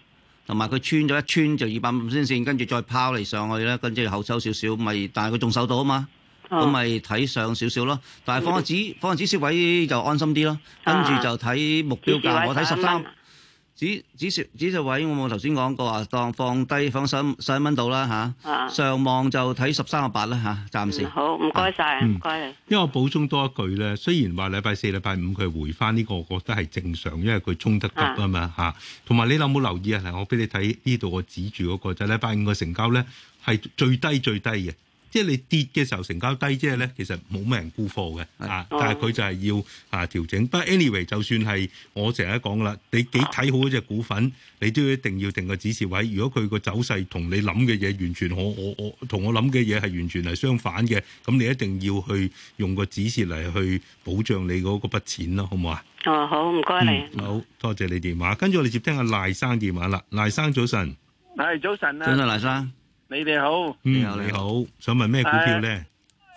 同埋佢穿咗一穿就二百五先線，跟住再拋嚟上去啦。跟住後抽少少，咪但係佢仲守到啊嘛，咁咪睇上少少咯。但係放個止放個、嗯、止蝕位就安心啲咯，跟住就睇目標價，啊、我睇十三。指指指數位，我冇頭先講過，當放低放十一蚊度啦嚇。上望、啊啊、就睇十三個八啦嚇，暫時。好，唔該曬，唔該、啊嗯。因為我補充多一句咧，雖然話禮拜四、禮拜五佢回翻呢、這個，我覺得係正常，因為佢衝得急啊嘛嚇。同埋、啊、你有冇留意啊？嚟我俾你睇呢度，我，我指住嗰、那個就咧，禮拜五個成交咧係最低最低嘅。即係你跌嘅時候成交低即係咧，其實冇咩人沽貨嘅，哦、啊，但係佢就係要啊調整。不過、哦、anyway，就算係我成日講噶啦，你幾睇好一隻股份，哦、你都要一定要定個止蝕位。如果佢個走勢同你諗嘅嘢完全，我我我同我諗嘅嘢係完全係相反嘅，咁你一定要去用個止蝕嚟去保障你嗰個筆錢咯，好唔好啊？哦，好，唔該你。嗯、好多謝你電話。跟住我哋接聽阿賴生電話啦，賴生早晨。係早晨啊。早晨賴生。你哋好，你好，想問咩股票咧？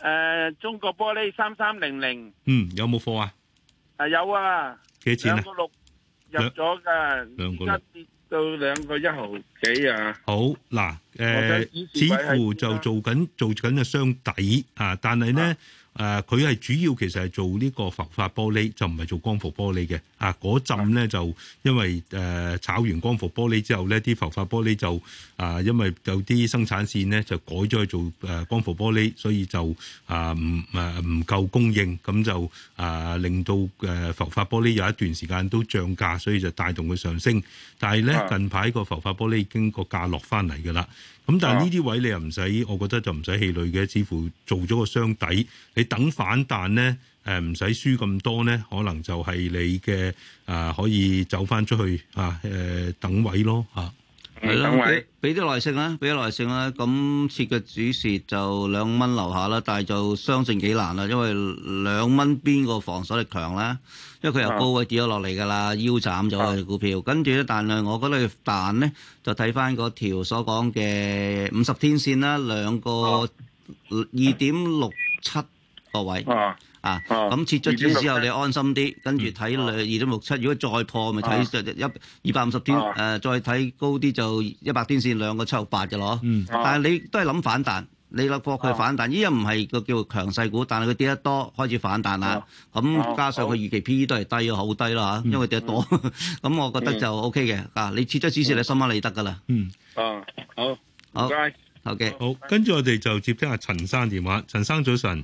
誒，中國玻璃三三零零，嗯，有冇貨啊？啊，有啊，幾錢啊？兩個六入咗噶，跌到兩個一毫幾啊？好嗱，誒，似乎就做緊做緊嘅箱底啊，但係咧。誒佢係主要其實係做呢個浮法玻璃，就唔係做光伏玻璃嘅。啊，嗰陣咧就因為誒、啊、炒完光伏玻璃之後咧，啲浮法玻璃就啊，因為有啲生產線咧就改咗去做誒光伏玻璃，所以就啊唔誒唔夠供應，咁就啊令到誒浮法玻璃有一段時間都漲價，所以就帶動佢上升。但係咧近排個浮法玻璃已經個價落翻嚟㗎啦。咁但係呢啲位你又唔使，我覺得就唔使氣餒嘅，似乎做咗個雙底，你等反彈咧，誒唔使輸咁多咧，可能就係你嘅啊、呃、可以走翻出去嚇誒、呃、等位咯嚇。係啦，俾啲、嗯、 耐性啦，俾啲耐性啦。咁設嘅止蝕就兩蚊樓下啦，但係就相信幾難啦，因為兩蚊邊個防守力強啦。因為佢由高位跌咗落嚟噶啦，啊、腰斬咗嘅股票。跟住咧，但係我覺得佢彈咧就睇翻嗰條所講嘅五十天線啦，兩個二點六七個位。啊咁切咗止蝕之後，你安心啲，跟住睇二點六七。如果再破，咪睇一二百五十天誒，再睇高啲就一百天線兩個七六八嘅咯。但係你都係諗反彈，你落過佢反彈？依又唔係個叫強勢股，但係佢跌得多開始反彈啦。咁加上佢預期 P E 都係低咗好低啦，因為跌得多。咁我覺得就 O K 嘅。啊，你切咗止蝕，你心安理得噶啦。嗯。啊，好。好。好嘅。好，跟住我哋就接聽阿陳生電話。陳生早晨。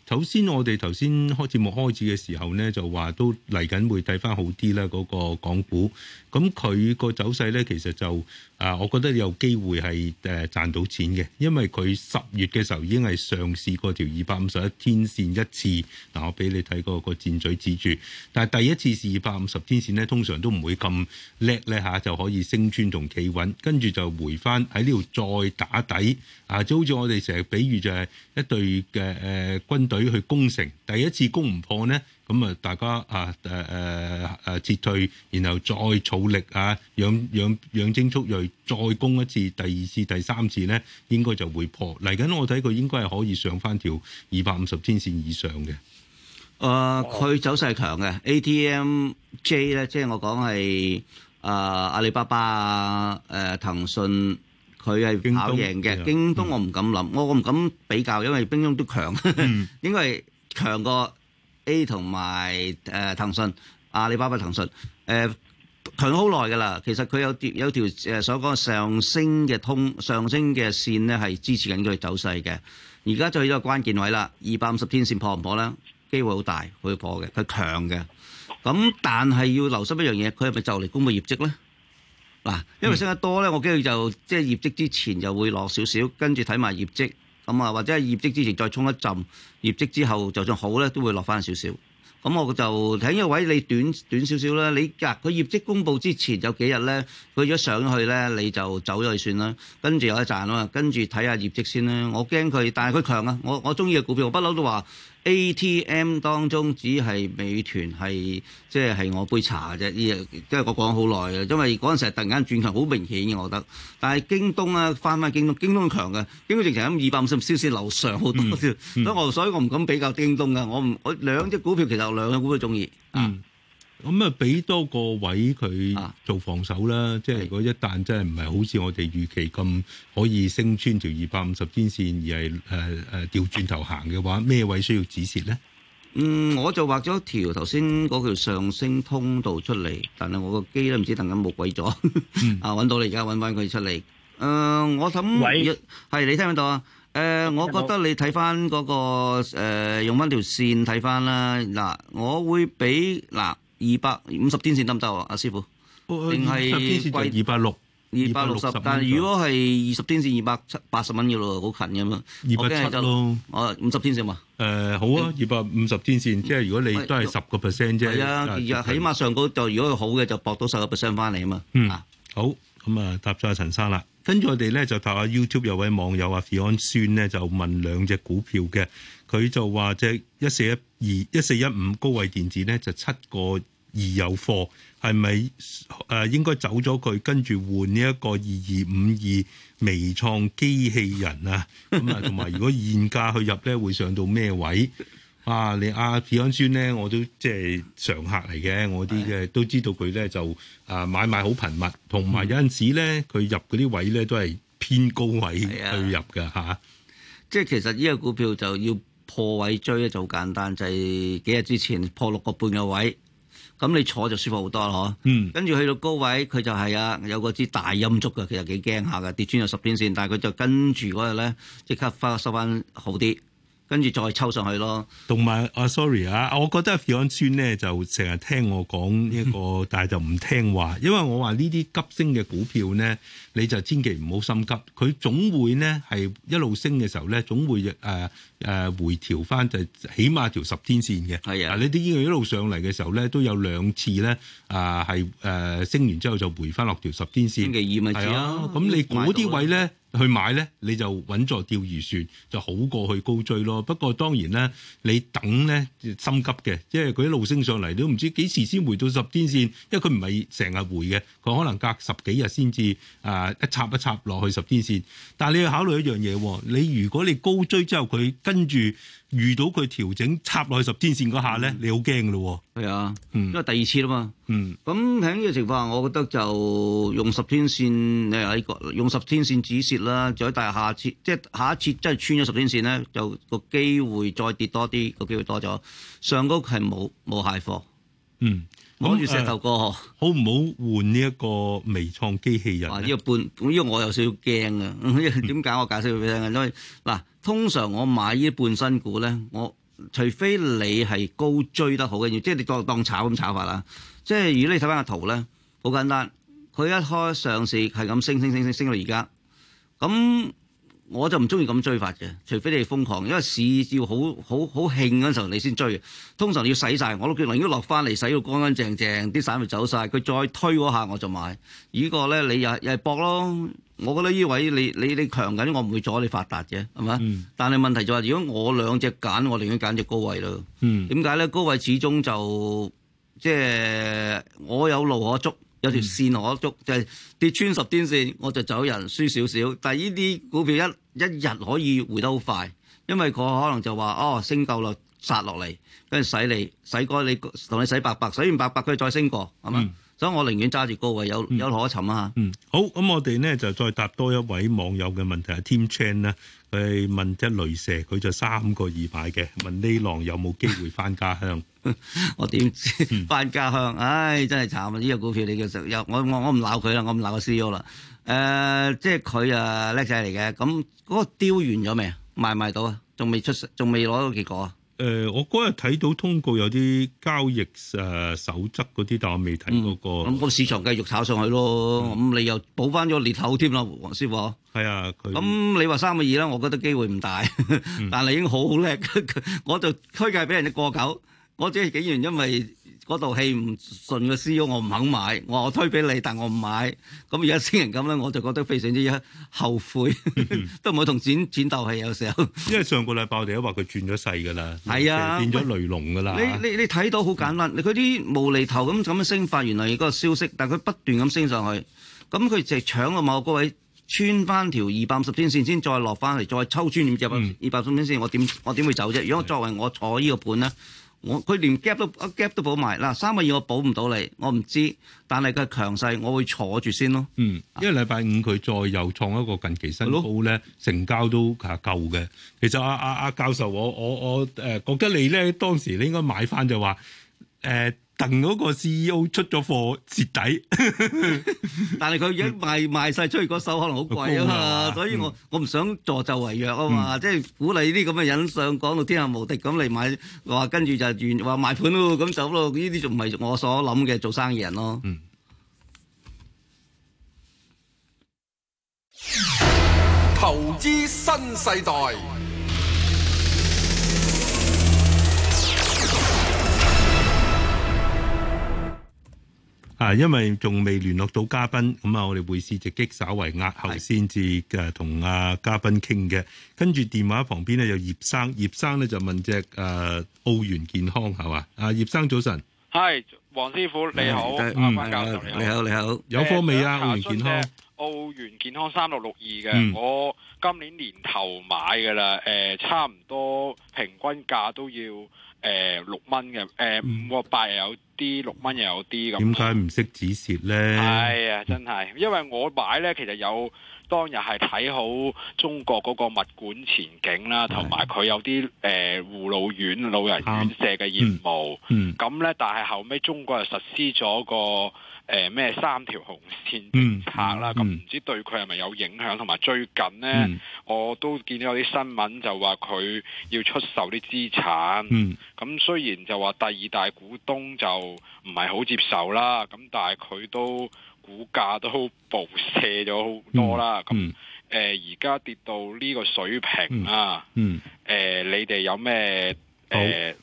首先，我哋頭先開節目開始嘅時候呢，就話都嚟緊會睇翻好啲啦，嗰、那個港股。咁佢個走勢咧，其實就啊，我覺得有機會係誒賺到錢嘅，因為佢十月嘅時候已經係嘗試過條二百五十一天線一次。嗱、啊，我俾你睇個個箭嘴指住，但係第一次是二百五十天線咧，通常都唔會咁叻咧嚇，就可以升穿同企穩，跟住就回翻喺呢度再打底。啊，即係好似我哋成日比喻就係一隊嘅誒、呃、軍隊。佢去攻城，第一次攻唔破呢？咁啊，大家啊，誒誒誒撤退，然後再儲力啊，養養養精蓄銳，再攻一次，第二次、第三次呢，應該就會破。嚟緊我睇佢應該係可以上翻條二百五十天線以上嘅。誒、呃，佢走勢強嘅，哦、ATMJ 呢，即係我講係啊，阿里巴巴、啊、呃，誒騰訊。佢係跑贏嘅，京東我唔敢諗，嗯、我唔敢比較，因為京東都強， 應該係強過 A 同埋誒騰訊、阿里巴巴、騰訊誒、呃、強好耐㗎啦。其實佢有，有條有條誒所講上升嘅通上升嘅線咧，係支持緊佢走勢嘅。而家再一個關鍵位啦，二百五十天線破唔破咧？機會好大，佢會破嘅，佢強嘅。咁但係要留心一樣嘢，佢係咪就嚟公布業績咧？嗱，因為升得多咧，嗯、我驚佢就即係業績之前就會落少少，跟住睇埋業績，咁、嗯、啊或者係業績之前再衝一陣，業績之後就算好咧，都會落翻少少。咁、嗯、我就睇一個位你一，你短短少少啦。你若佢業績公佈之前有幾日咧，佢一上去咧，你就走咗去算啦。跟住有得賺啊嘛，跟住睇下業績先啦。我驚佢，但係佢強啊！我我中意嘅股票，我不嬲都話。ATM 當中只係美團係即係我杯茶啫，亦都係我講好耐嘅，因為嗰陣時突然間轉強，好明顯嘅，我覺得。但係京東呀，翻翻京東，京東強嘅，京東直情咁二百五十，少少樓上好多少。嗯嗯、所以我唔敢比較京東㗎，我唔我，我兩隻股票其實我兩隻股票中意。嗯。啊咁啊，俾多個位佢做防守啦。即係如果一旦真係唔係好似我哋預期咁可以升穿條二百五十天線，而係誒誒調轉頭行嘅話，咩位需要止蝕咧？嗯，我就畫咗條頭先嗰條上升通道出嚟，但係我個機都唔知等緊冇鬼咗啊！揾到你而家揾翻佢出嚟。誒，我諗係你聽唔聽到啊？誒，我覺得你睇翻嗰個、呃、用翻條線睇翻啦。嗱，我會俾嗱。二百五十天線得唔得啊，阿師傅？定係貴二百六，二百六十。但係如果係二十天線二百七八十蚊嘅咯，好近咁咯。二百七咯，哦五十天線嘛？誒、呃、好啊，二百五十天線，嗯、即係如果你都係十個 percent 啫。係、嗯、啊，起碼上股就如果好嘅，就博到十個 percent 翻嚟啊嘛。嗯，好，咁啊，答咗阿陳生啦。跟住我哋咧就答下 YouTube 有位網友話，Fion 孫咧就問兩隻股票嘅，佢就話隻一四一二一四一五高位電子咧就七個。而有貨係咪，誒應該走咗佢，跟住換呢一個二二五二微創機器人 啊？咁啊，同埋如果現價去入咧，會上到咩位？哇、啊！你阿 b、啊、安 y o 咧，我都即係常客嚟嘅，我啲嘅的都知道佢咧就啊買賣好頻密，同埋有陣時咧佢入嗰啲位咧都係偏高位去入㗎嚇。的啊、即係其實呢個股票就要破位追咧就好簡單，就係、是、幾日之前破六個半嘅位。咁你坐就舒服好多咯，嗬、嗯。跟住去到高位，佢就係啊有個支大陰燭嘅，其實幾驚下嘅跌穿咗十天線，但係佢就跟住嗰日咧即刻翻收翻好啲。跟住再抽上去咯。同埋啊，sorry 啊，sorry，我覺得 Fiona 孫咧就成日聽我講呢、呢個，但係就唔聽話。因為我話呢啲急升嘅股票咧，你就千祈唔好心急。佢總會咧係一路升嘅時候咧，總會誒誒、啊啊、回調翻，就起碼條十天線嘅。係啊的，嗱，呢啲佢一路上嚟嘅時候咧，都有兩次咧啊，係誒、啊、升完之後就回翻落條十天線。星期二咪係的啊！咁你估啲位咧？去買咧，你就穩坐釣魚船，就好過去高追咯。不過當然咧，你等咧心急嘅，即係佢一路升上嚟你都唔知幾時先回到十天線，因為佢唔係成日回嘅，佢可能隔十幾日先至誒一插一插落去十天線。但係你要考慮一樣嘢喎，你如果你高追之後佢跟住。遇到佢調整插落去十天線嗰下咧，你好驚嘅咯喎。係啊，因為第二次啦嘛。嗯。咁喺呢個情況下，我覺得就用十天線，你喺用十天線止蝕啦。再但係下次，即係下一次即係穿咗十天線咧，就個機會再跌多啲，個機會多咗。上高係冇冇蟹貨。嗯。攞住石頭哥，好唔好換呢一個微創機器人呢？呢、啊呢個半，呢個我有少少驚啊！點解我解釋佢俾你聽？ 因為嗱，通常我買呢半新股咧，我除非你係高追得好緊要，即係你當當炒咁炒法啦。即係如果你睇返個圖咧，好簡單，佢一開上市係咁升升升升升到而家，咁。我就唔中意咁追法嘅，除非你係瘋狂，因為市要好好好興嗰陣時候你先追，通常你要洗晒。我都見到如果落翻嚟洗到乾乾淨淨，啲散咪走晒。佢再推嗰下我就買。依、呢個咧你又又係搏咯。我覺得呢位你你你強緊，我唔會阻你發達嘅，係咪？嗯、但係問題就係、是、如果我兩隻揀，我寧願揀隻高位咯。點解咧？高位始終就即係我有路可捉。有條線可捉，就係跌穿十天線，我就走人，輸少少。但係呢啲股票一一日可以回得好快，因為佢可能就話哦，升夠啦，殺落嚟，跟住洗你洗過你同你洗白白，洗完白白佢再升過，係咪？所以我寧願揸住高位有有可尋啊。嗯，好，咁我哋呢就再答多一位網友嘅問題，係 Tim Chan 啦，佢問一雷蛇，佢就三個二百嘅問呢狼有冇機會返家鄉？ 我點知翻家鄉？唉、嗯 哎，真係慘！呢、這個股票你叫成又我我我唔鬧佢啦，我唔鬧個 CEO 啦。誒、呃，即係佢啊叻仔嚟嘅。咁嗰個雕完咗未啊？嗯那個、賣唔賣到啊？仲未出仲未攞到結果啊？誒、呃，我嗰日睇到通告有啲交易誒守、呃、則嗰啲，但我未睇嗰、那個。咁個、嗯、市場繼續炒上去咯。咁、嗯嗯、你又補翻咗裂口添啦，黃師傅。係啊，佢。咁、嗯、你話三個二啦，2, 我覺得機會唔大。 但你已經好好叻，嗯、 我就推介俾人一個過九。我只係竟然因為嗰度氣唔順嘅 C.O. 我唔肯買，我，我推俾你，但我唔買咁。而家先人咁咧，我就覺得非常之後悔，嗯、 都唔好同轉轉鬥氣。有時候，因為上個禮拜我哋都話佢轉咗勢㗎啦，係啊，變咗雷龍㗎啦。你你你睇到好簡單，佢啲、嗯、無厘頭咁咁樣升發，原來嗰個消息，但係佢不斷咁升上去，咁佢直搶啊嘛！各位穿翻條二百五十天線先，再落翻嚟，再抽穿點接？二百五十天線，我點、嗯、我點會走啫？如果作為我坐呢個盤咧？我佢連 gap 都一 gap 都補埋嗱，三個二我保唔到你，我唔知，但係佢強勢我會坐住先咯。嗯，因為禮拜五佢再又創一個近期新高咧，的成交都嚇夠嘅。其實阿阿阿教授，我我我誒、呃、覺得你咧，當時你應該買翻就話。誒，鄧嗰個 CEO 出咗貨蝕底，但係佢已經賣賣晒出去嗰手可能好貴啊嘛，所以我我唔想助紂為虐啊嘛，即係鼓勵呢啲咁嘅人上市，講到天下無敵咁嚟買，話跟住就完，話賣盤咯咁走咯，呢啲仲唔係我所諗嘅做生意人咯。投資新世代。啊，因為仲未聯絡到嘉賓，咁、嗯、啊，我哋會試著激稍為押後先至誒同阿嘉賓傾嘅。跟住是電話旁邊咧有葉生，葉生呢就問隻誒澳元健康係嘛？啊、嗯，葉生早晨，係黃師傅你好，阿媽教授你好你好，有科未啊？澳元健康，澳元健康三六六二嘅，我今年年頭買㗎喇，誒、呃、差唔多平均價都要誒六蚊嘅，誒五個八有，啲六蚊又有啲咁，點解唔識止蝕呢？係呀、啊，真係！因為我買呢，其實有當日係睇好中國嗰個物管前景啦，同埋佢有啲誒、呃、護老院老人院社嘅業務。咁、嗯嗯、呢，但係後尾中國又實施咗個。誒，咩、呃、三條紅線政策啦，咁唔、嗯啊、知對佢係咪有影響？同埋最近呢，嗯、我都見到有啲新聞就話佢要出售啲資產，咁、嗯啊、雖然就話第二大股東就唔係好接受啦，咁但係佢都股價都暴瀉咗好多啦，咁誒而家跌到呢個水平啊，誒、嗯嗯啊呃、你哋有咩誒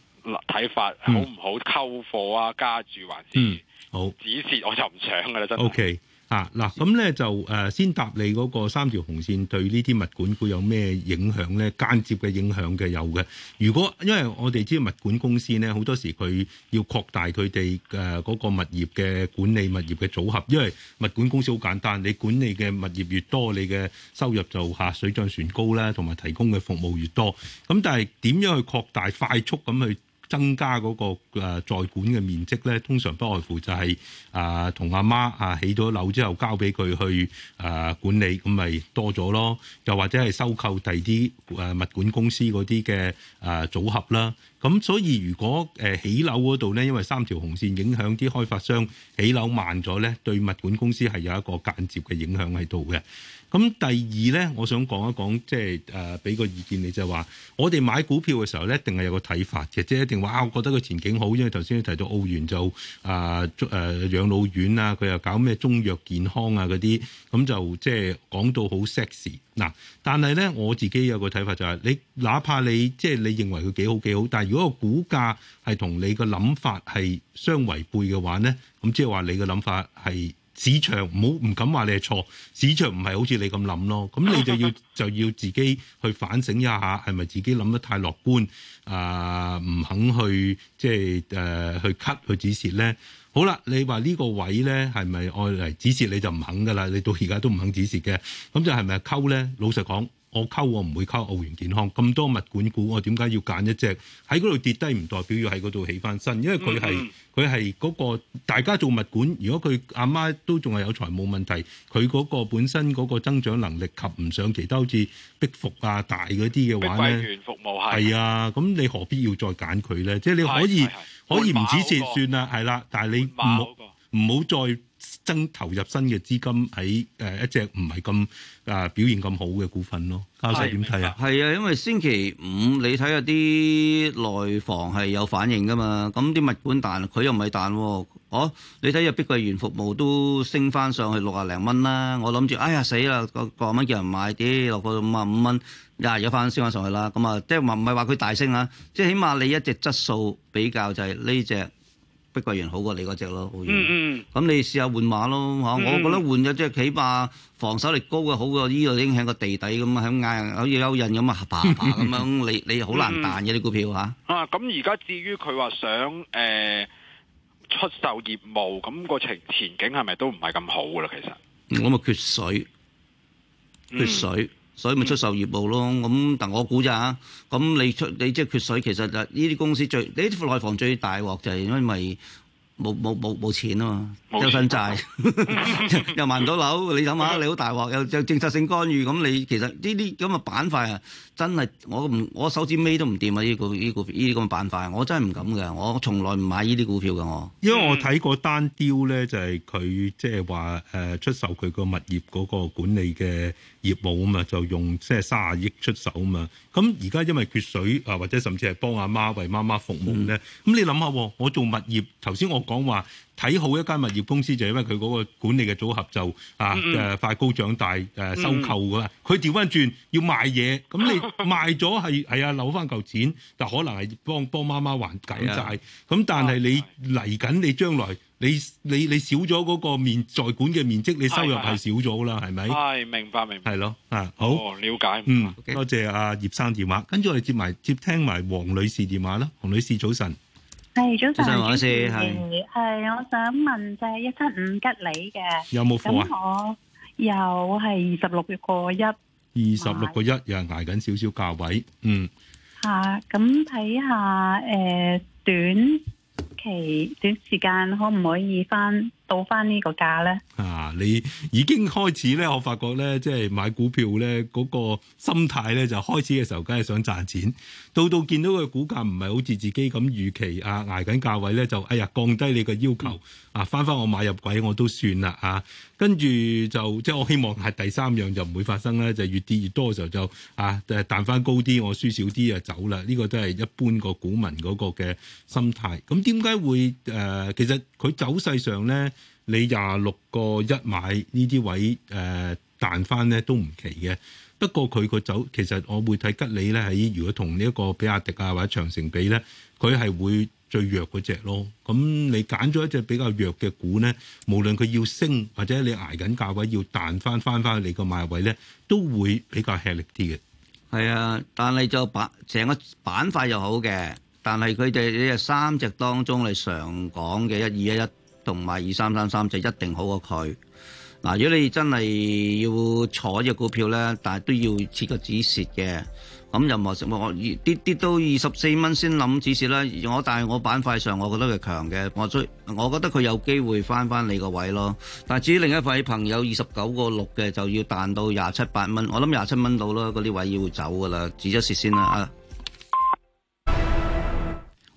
睇法？好唔好溝貨啊？加住還是？嗯好指示我就唔搶噶啦真。O、okay. K 啊嗱，咁咧就誒、呃、先答你嗰個三條紅線對呢啲物管股有咩影響咧？間接嘅影響嘅有嘅。如果因為我哋知物管公司咧，好多時佢要擴大佢哋誒嗰個物業嘅管理物業嘅組合，因為物管公司好簡單，你管理嘅物業越多，你嘅收入就嚇、啊、水漲船高啦，同埋提供嘅服務越多。咁但係點樣去擴大快速咁去？增加嗰個誒在管嘅面積咧，通常不外乎就係誒同阿媽啊起咗樓之後交俾佢去誒管理，咁咪多咗咯。又或者係收購第二啲誒物管公司嗰啲嘅誒組合啦。咁所以如果誒起樓嗰度咧，因為三條紅線影響啲開發商起樓慢咗咧，對物管公司係有一個間接嘅影響喺度嘅。咁第二咧，我想講一講，即係誒，俾、呃、個意見你就係話，我哋買股票嘅時候咧，一定係有個睇法嘅，即係一定、啊、我覺得個前景好，因為頭先你提到澳元就啊誒、呃呃、養老院啊，佢又搞咩中藥健康啊嗰啲，咁、嗯、就即、就、係、是、講到好 sexy 嗱。但係咧，我自己有個睇法就係、是，你哪怕你即係你認為佢幾好幾好，但係如果個股價係同你個諗法係相違背嘅話咧，咁即係話你個諗法係。市場唔好唔敢話你係錯，市場唔係好似你咁諗咯，咁你就要就要自己去反省一下，係咪自己諗得太樂觀？啊、呃，唔肯去即係誒、呃、去 cut 去止蝕咧？好啦，你話呢個位咧係咪愛嚟止蝕你就唔肯噶啦？你到而家都唔肯止蝕嘅，咁就係咪係溝咧？老實講。我溝我唔會溝奧園健康咁多物管股，我點解要揀一隻喺嗰度跌低？唔代表要喺嗰度起翻身，因為佢係佢係嗰個大家做物管，如果佢阿媽都仲係有財務問題，佢嗰個本身嗰個增長能力及唔上其他好似碧服啊大嗰啲嘅話咧，碧桂園服務係係啊，咁的你何必要再揀佢咧？即係的的你可以的可以唔止蝕算啦，係啦、那個，但係你唔好唔好再。那個那個增投入新嘅資金喺誒、呃、一隻唔係咁啊表現咁好嘅股份咯，交世點睇啊？係啊，因為星期五你睇下啲內房係有反應噶嘛，咁啲物管彈佢又唔係彈喎、啊，哦、啊，你睇入碧桂園服務都升翻上去六啊零蚊啦，我諗住哎呀死啦，個個蚊叫人買啲落個五啊五蚊，呀有翻升翻上去啦，咁啊即係話唔係話佢大升啊，即係起碼你一隻質素比較就係呢隻。碧桂園好過你嗰隻咯，咁你試下換馬咯吓，我覺得換咗隻起碼防守力高嘅，好過，呢個影響個地底咁，喺嗌好似蚯蚓咁啊爬爬咁樣，你你好難彈嘅啲股票啊！啊，咁而家至於佢話想誒出售業務，咁個情前景係咪都唔係咁好啦？其實我咪缺水，缺水。所以咪出售業務咯，咁、嗯、但我估咋，嚇。咁你出你即係缺水，其實啊，呢啲公司最你內房最大鑊就係因為冇冇冇冇錢啊嘛，錢有新債又買唔到樓，你諗下你好大鑊，又又政策性干預，咁你其實呢啲咁嘅板塊啊，真係我唔我手指尾都唔掂啊！呢個依股呢啲咁嘅板塊，我真係唔敢嘅，我從來唔買呢啲股票嘅我。因為我睇過單雕咧，就係佢即係話誒出售佢個物業嗰個管理嘅。業務啊嘛，就用即係卅啊億出手啊嘛，咁而家因為缺水啊，或者甚至係幫阿媽為媽媽服務咧，咁、嗯嗯、你諗下，我做物業頭先我講話。睇好一間物業公司，就因為佢嗰個管理嘅組合就啊誒快高長大誒收購㗎喇，佢調翻轉要賣嘢，咁你賣咗係係啊留翻嚿錢，但可能係幫幫媽媽還緊債，咁但係你嚟緊你將來你你你少咗嗰個面在管嘅面積，你收入係少咗啦，係咪？係明白明白。係咯啊好。哦了解。嗯，多謝阿葉生電話，跟住我哋接埋接聽埋黃女士電話啦，黃女士早晨。係早上，女士係係，我想問就係一七五吉里嘅有冇貨啊？我又係二十六個一，二十六個一又係捱緊少少價位，嗯。吓，咁睇下誒，短期短時間可唔可以返？到翻呢個價咧？啊，你已經開始咧，我發覺咧，即係買股票咧嗰，那個心態咧，就開始嘅時候梗係想賺錢，到到見到個股價唔係好似自己咁預期啊，挨緊價位咧就哎呀降低你個要求，嗯，啊，翻翻我買入位我都算啦啊，跟住就即係我希望係第三樣就唔會發生啦，就越跌越多嘅時候就啊彈翻高啲，我輸少啲啊走啦，呢，這個都係一般個股民嗰個嘅心態。咁點解會誒，呃？其實佢走勢上咧。你廿六個一買、呃、呢啲位誒彈翻咧都唔奇嘅，不過佢個走其實我會睇吉利咧喺如果同呢一個比亞迪啊或者長城比咧，佢係會最弱嗰隻咯。咁、嗯、你揀咗一隻比較弱嘅股咧，無論佢要升或者你挨緊價位要彈翻翻翻去你個賣位咧，都會比較吃力啲嘅。係啊，但係就把成個板塊又好嘅，但係佢哋你係三隻當中你常講嘅一、二、一、一。同埋二三三三就一定好過佢嗱，如果你真係要坐隻股票咧，但係都要設個止蝕嘅，咁任何食物我跌跌到二十四蚊先諗止蝕啦。我但係我板塊上我我，我覺得佢強嘅，我追，我覺得佢有機會翻翻你個位咯。但係至於另一位朋友二十九個六嘅，就要彈到廿七八蚊，我諗廿七蚊到啦，嗰啲位要走噶啦，止一蝕先啦啊！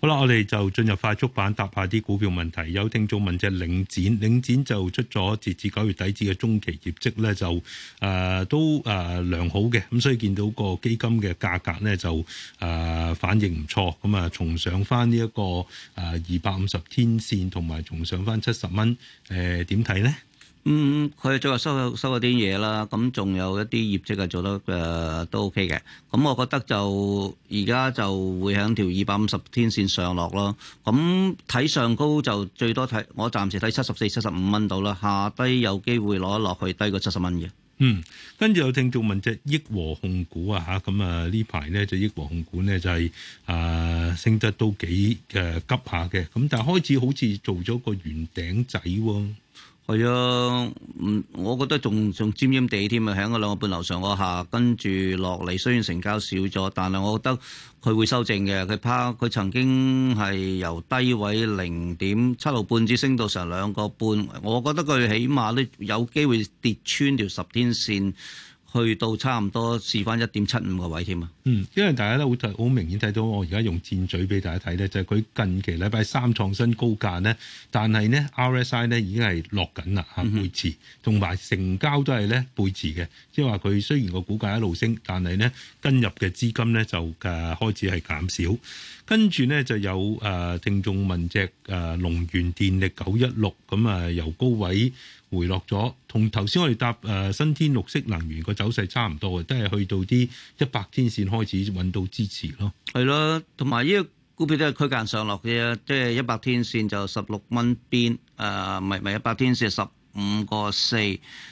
好啦，我哋就進入快速版答下啲股票問題。有聽眾問隻領展，領展就出咗截至九月底止嘅中期業績咧，就誒、呃、都誒、呃、良好嘅，咁所以見到個基金嘅價格咧就誒、呃、反應唔錯，咁啊重上返呢一個誒二百五十天線，同埋重上返七十蚊，誒點睇咧？嗯，佢最後收收嗰啲嘢啦，咁仲有一啲業績啊做得誒、呃、都 OK 嘅，咁、嗯、我覺得就而家就會喺條二百五十天線上落咯。咁、嗯、睇上高就最多睇，我暫時睇七十四、七十五蚊到啦。下，有機下低有機會攞落去低過七十蚊嘅。嗯，跟住有聽眾問隻益和控股啊嚇，咁啊呢排咧就益和控股咧就係誒升得都幾誒、呃、急下嘅，咁但係開始好似做咗個圓頂仔喎、哦。係啊，嗯，我覺得仲仲尖尖地添啊，喺嗰兩個半樓上下，我下跟住落嚟，雖然成交少咗，但係我覺得佢會修正嘅。佢拋，佢曾經係由低位零點七六半至升到成兩個半，我覺得佢起碼都有機會跌穿條十天線。去到差唔多試返一點七五個位添啊！嗯，因為大家咧好睇好明顯睇到，我而家用箭嘴俾大家睇咧，就係、是、佢近期禮拜三創新高價咧，但係呢 RSI 呢已經係落緊啦，背馳，同埋成交都係咧背馳嘅，即係話佢雖然個股價一路升，但係呢跟入嘅資金咧就誒開始係減少，跟住呢，就有誒聽眾問隻誒龍源電力九一六咁啊由高位。回落咗，同頭先我哋搭誒、呃、新天綠色能源個走勢差唔多嘅，都係去到啲一百天線開始揾到支持咯。係咯，同埋呢個股票都係區間上落嘅，即係一百天線就十六蚊邊，誒唔係一百天線十五個四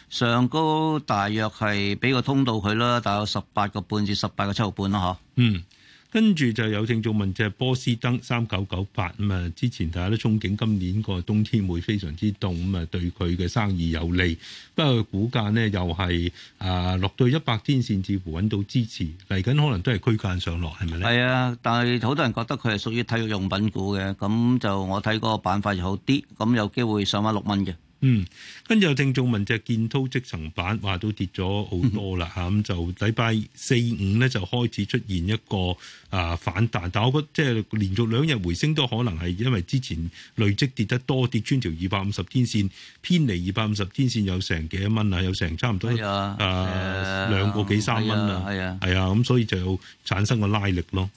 上高，大約係俾個通道佢啦，大約十八個半至十八個七毫半啦，嚇。嗯。跟住就有聽眾問，就係波司登三九九八咁啊，之前大家都憧憬今年個冬天會非常之凍，咁、嗯、啊對佢嘅生意有利。不過股價呢，又係啊、呃、落到一百天線，似乎揾到支持嚟緊，可能都係區間上落，係咪咧？係啊，但係好多人覺得佢係屬於體育用品股嘅，咁就我睇嗰個板塊就好啲，咁有機會上翻六蚊嘅。嗯，跟住有聽眾問隻建滔積層板話都跌咗好多啦嚇，咁、嗯、就禮拜四五咧就開始出現一個啊、呃、反彈，但係我覺得即係連續兩日回升都可能係因為之前累積跌得多，跌穿條二百五十天線，偏離二百五十天線有成幾多蚊啊，有成差唔多誒呀、呃、兩個幾三蚊啊，係啊，係啊，咁所以就有產生個拉力咯。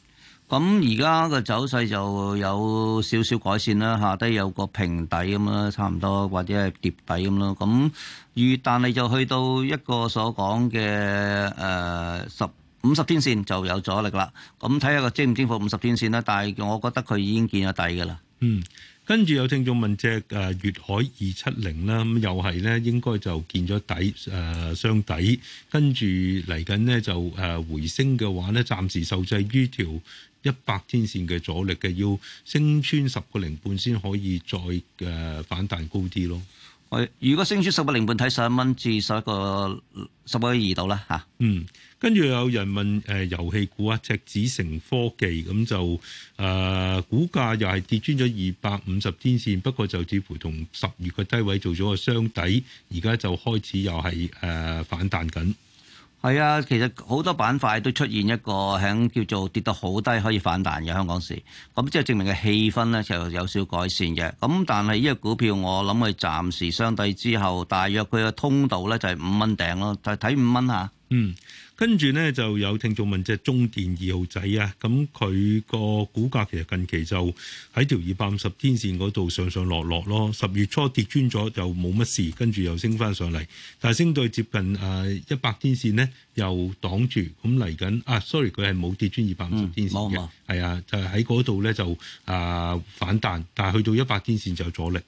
咁而家嘅走勢就有少少改善啦，下低有個平底咁啦，差唔多或者係碟底咁咯。咁越但係就去到一個所講嘅誒十五十天線就有阻力啦。咁睇下佢升唔升破五十天線啦。但係我覺得佢已經見咗底噶啦。嗯，跟住有聽眾問隻誒粵海二七零啦，咁又係咧應該就見咗底誒、呃、雙底，跟住嚟緊呢就誒、呃、回升嘅話咧，暫時受制於條。一百天線嘅阻力嘅，要升穿十個零半先可以再誒、呃、反彈高啲咯。係，如果升穿十個零半，睇十一蚊至十一個十一二度啦嚇。嗯，跟住有人問誒遊戲股啊，赤子城科技咁就誒、呃、股價又係跌穿咗二百五十天線，不過就似乎同十月嘅低位做咗個箱底。而家就開始又係誒、呃、反彈緊。係啊，其實好多板塊都出現一個響叫做跌到好低可以反彈嘅香港市，咁即係證明嘅氣氛咧就有少改善嘅。咁但係呢個股票我諗佢暫時相對之後，大約佢嘅通道咧就係五蚊頂咯，就係睇五蚊吓。嗯。跟住咧，就有聽眾問隻中電二號仔啊，咁佢個股價其實近期就喺條二百五十天線嗰度上上落落咯。十 月初跌穿咗就冇乜事，跟住又升翻上嚟，但係升到接近誒一百天線呢，又擋住，咁嚟緊啊，sorry，佢係冇跌穿二百五十天線嘅，係啊、嗯，就喺嗰度咧就啊反彈，但係去到一百天線就阻力。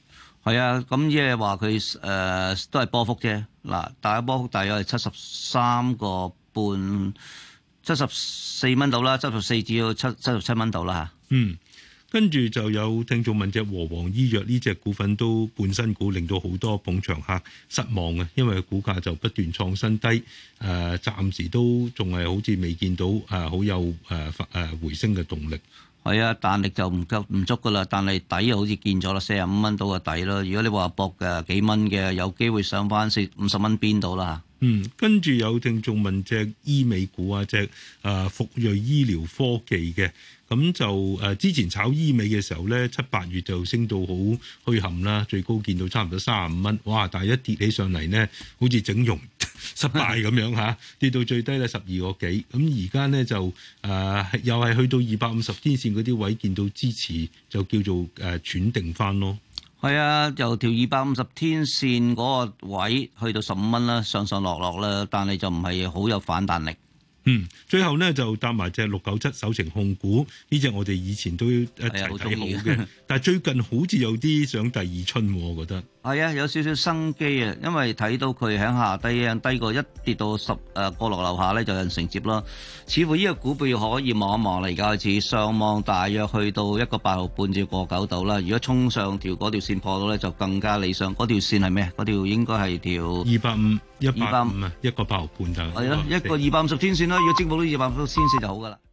係啊，咁即係話佢誒都係波幅啫。嗱，大家波幅大約係七十三個。半七十四蚊到啦，七十四至到七七十七蚊到啦吓，嗯，跟住就有聽眾問隻和黃醫藥呢隻股份都半新股，令到好多捧場客失望啊，因為股價就不斷創新低。誒、呃，暫時都仲係好似未見到誒好、呃、有誒誒回升嘅動力。係啊，彈力就唔夠唔足噶啦，但係底又好似見咗啦，四十五蚊到嘅底咯。如果你話博嘅幾蚊嘅，有機會上翻四五十蚊邊度啦。嗯，跟住有聽眾問隻醫美股啊，隻啊、呃、復銳醫療科技嘅，咁、嗯、就誒、呃、之前炒醫美嘅時候咧，七八月就升到好虛冚啦，最高見到差唔多三十五蚊，哇！但係一跌起上嚟呢，好似整容 失敗咁樣嚇、啊，跌到最低咧十二個幾，咁而家呢，就誒、呃、又係去到二百五十天線嗰啲位，見到支持就叫做誒、呃、轉定翻咯。係啊，由條二百五十天線嗰個位去到十五蚊啦，上上落落啦，但係就唔係好有反彈力。嗯，最後咧就搭埋隻六九七首程控股，呢隻我哋以前都一齊睇好嘅，哎、但係最近好似有啲想第二春，我覺得。係啊，有少少生機啊，因為睇到佢喺下低啊，低過一跌到十誒過落樓下咧，就有人承接啦。似乎呢個股可以望一望啦，而家開始上望，大約去到一個八毫半至過九度啦。如果衝上條嗰條線破到咧，就更加理想。嗰條線係咩？嗰條應該係條二百五，一百五啊，一個八毫半就係咯，一個二百五十天線啦，要精補到二百五十天線就好噶啦。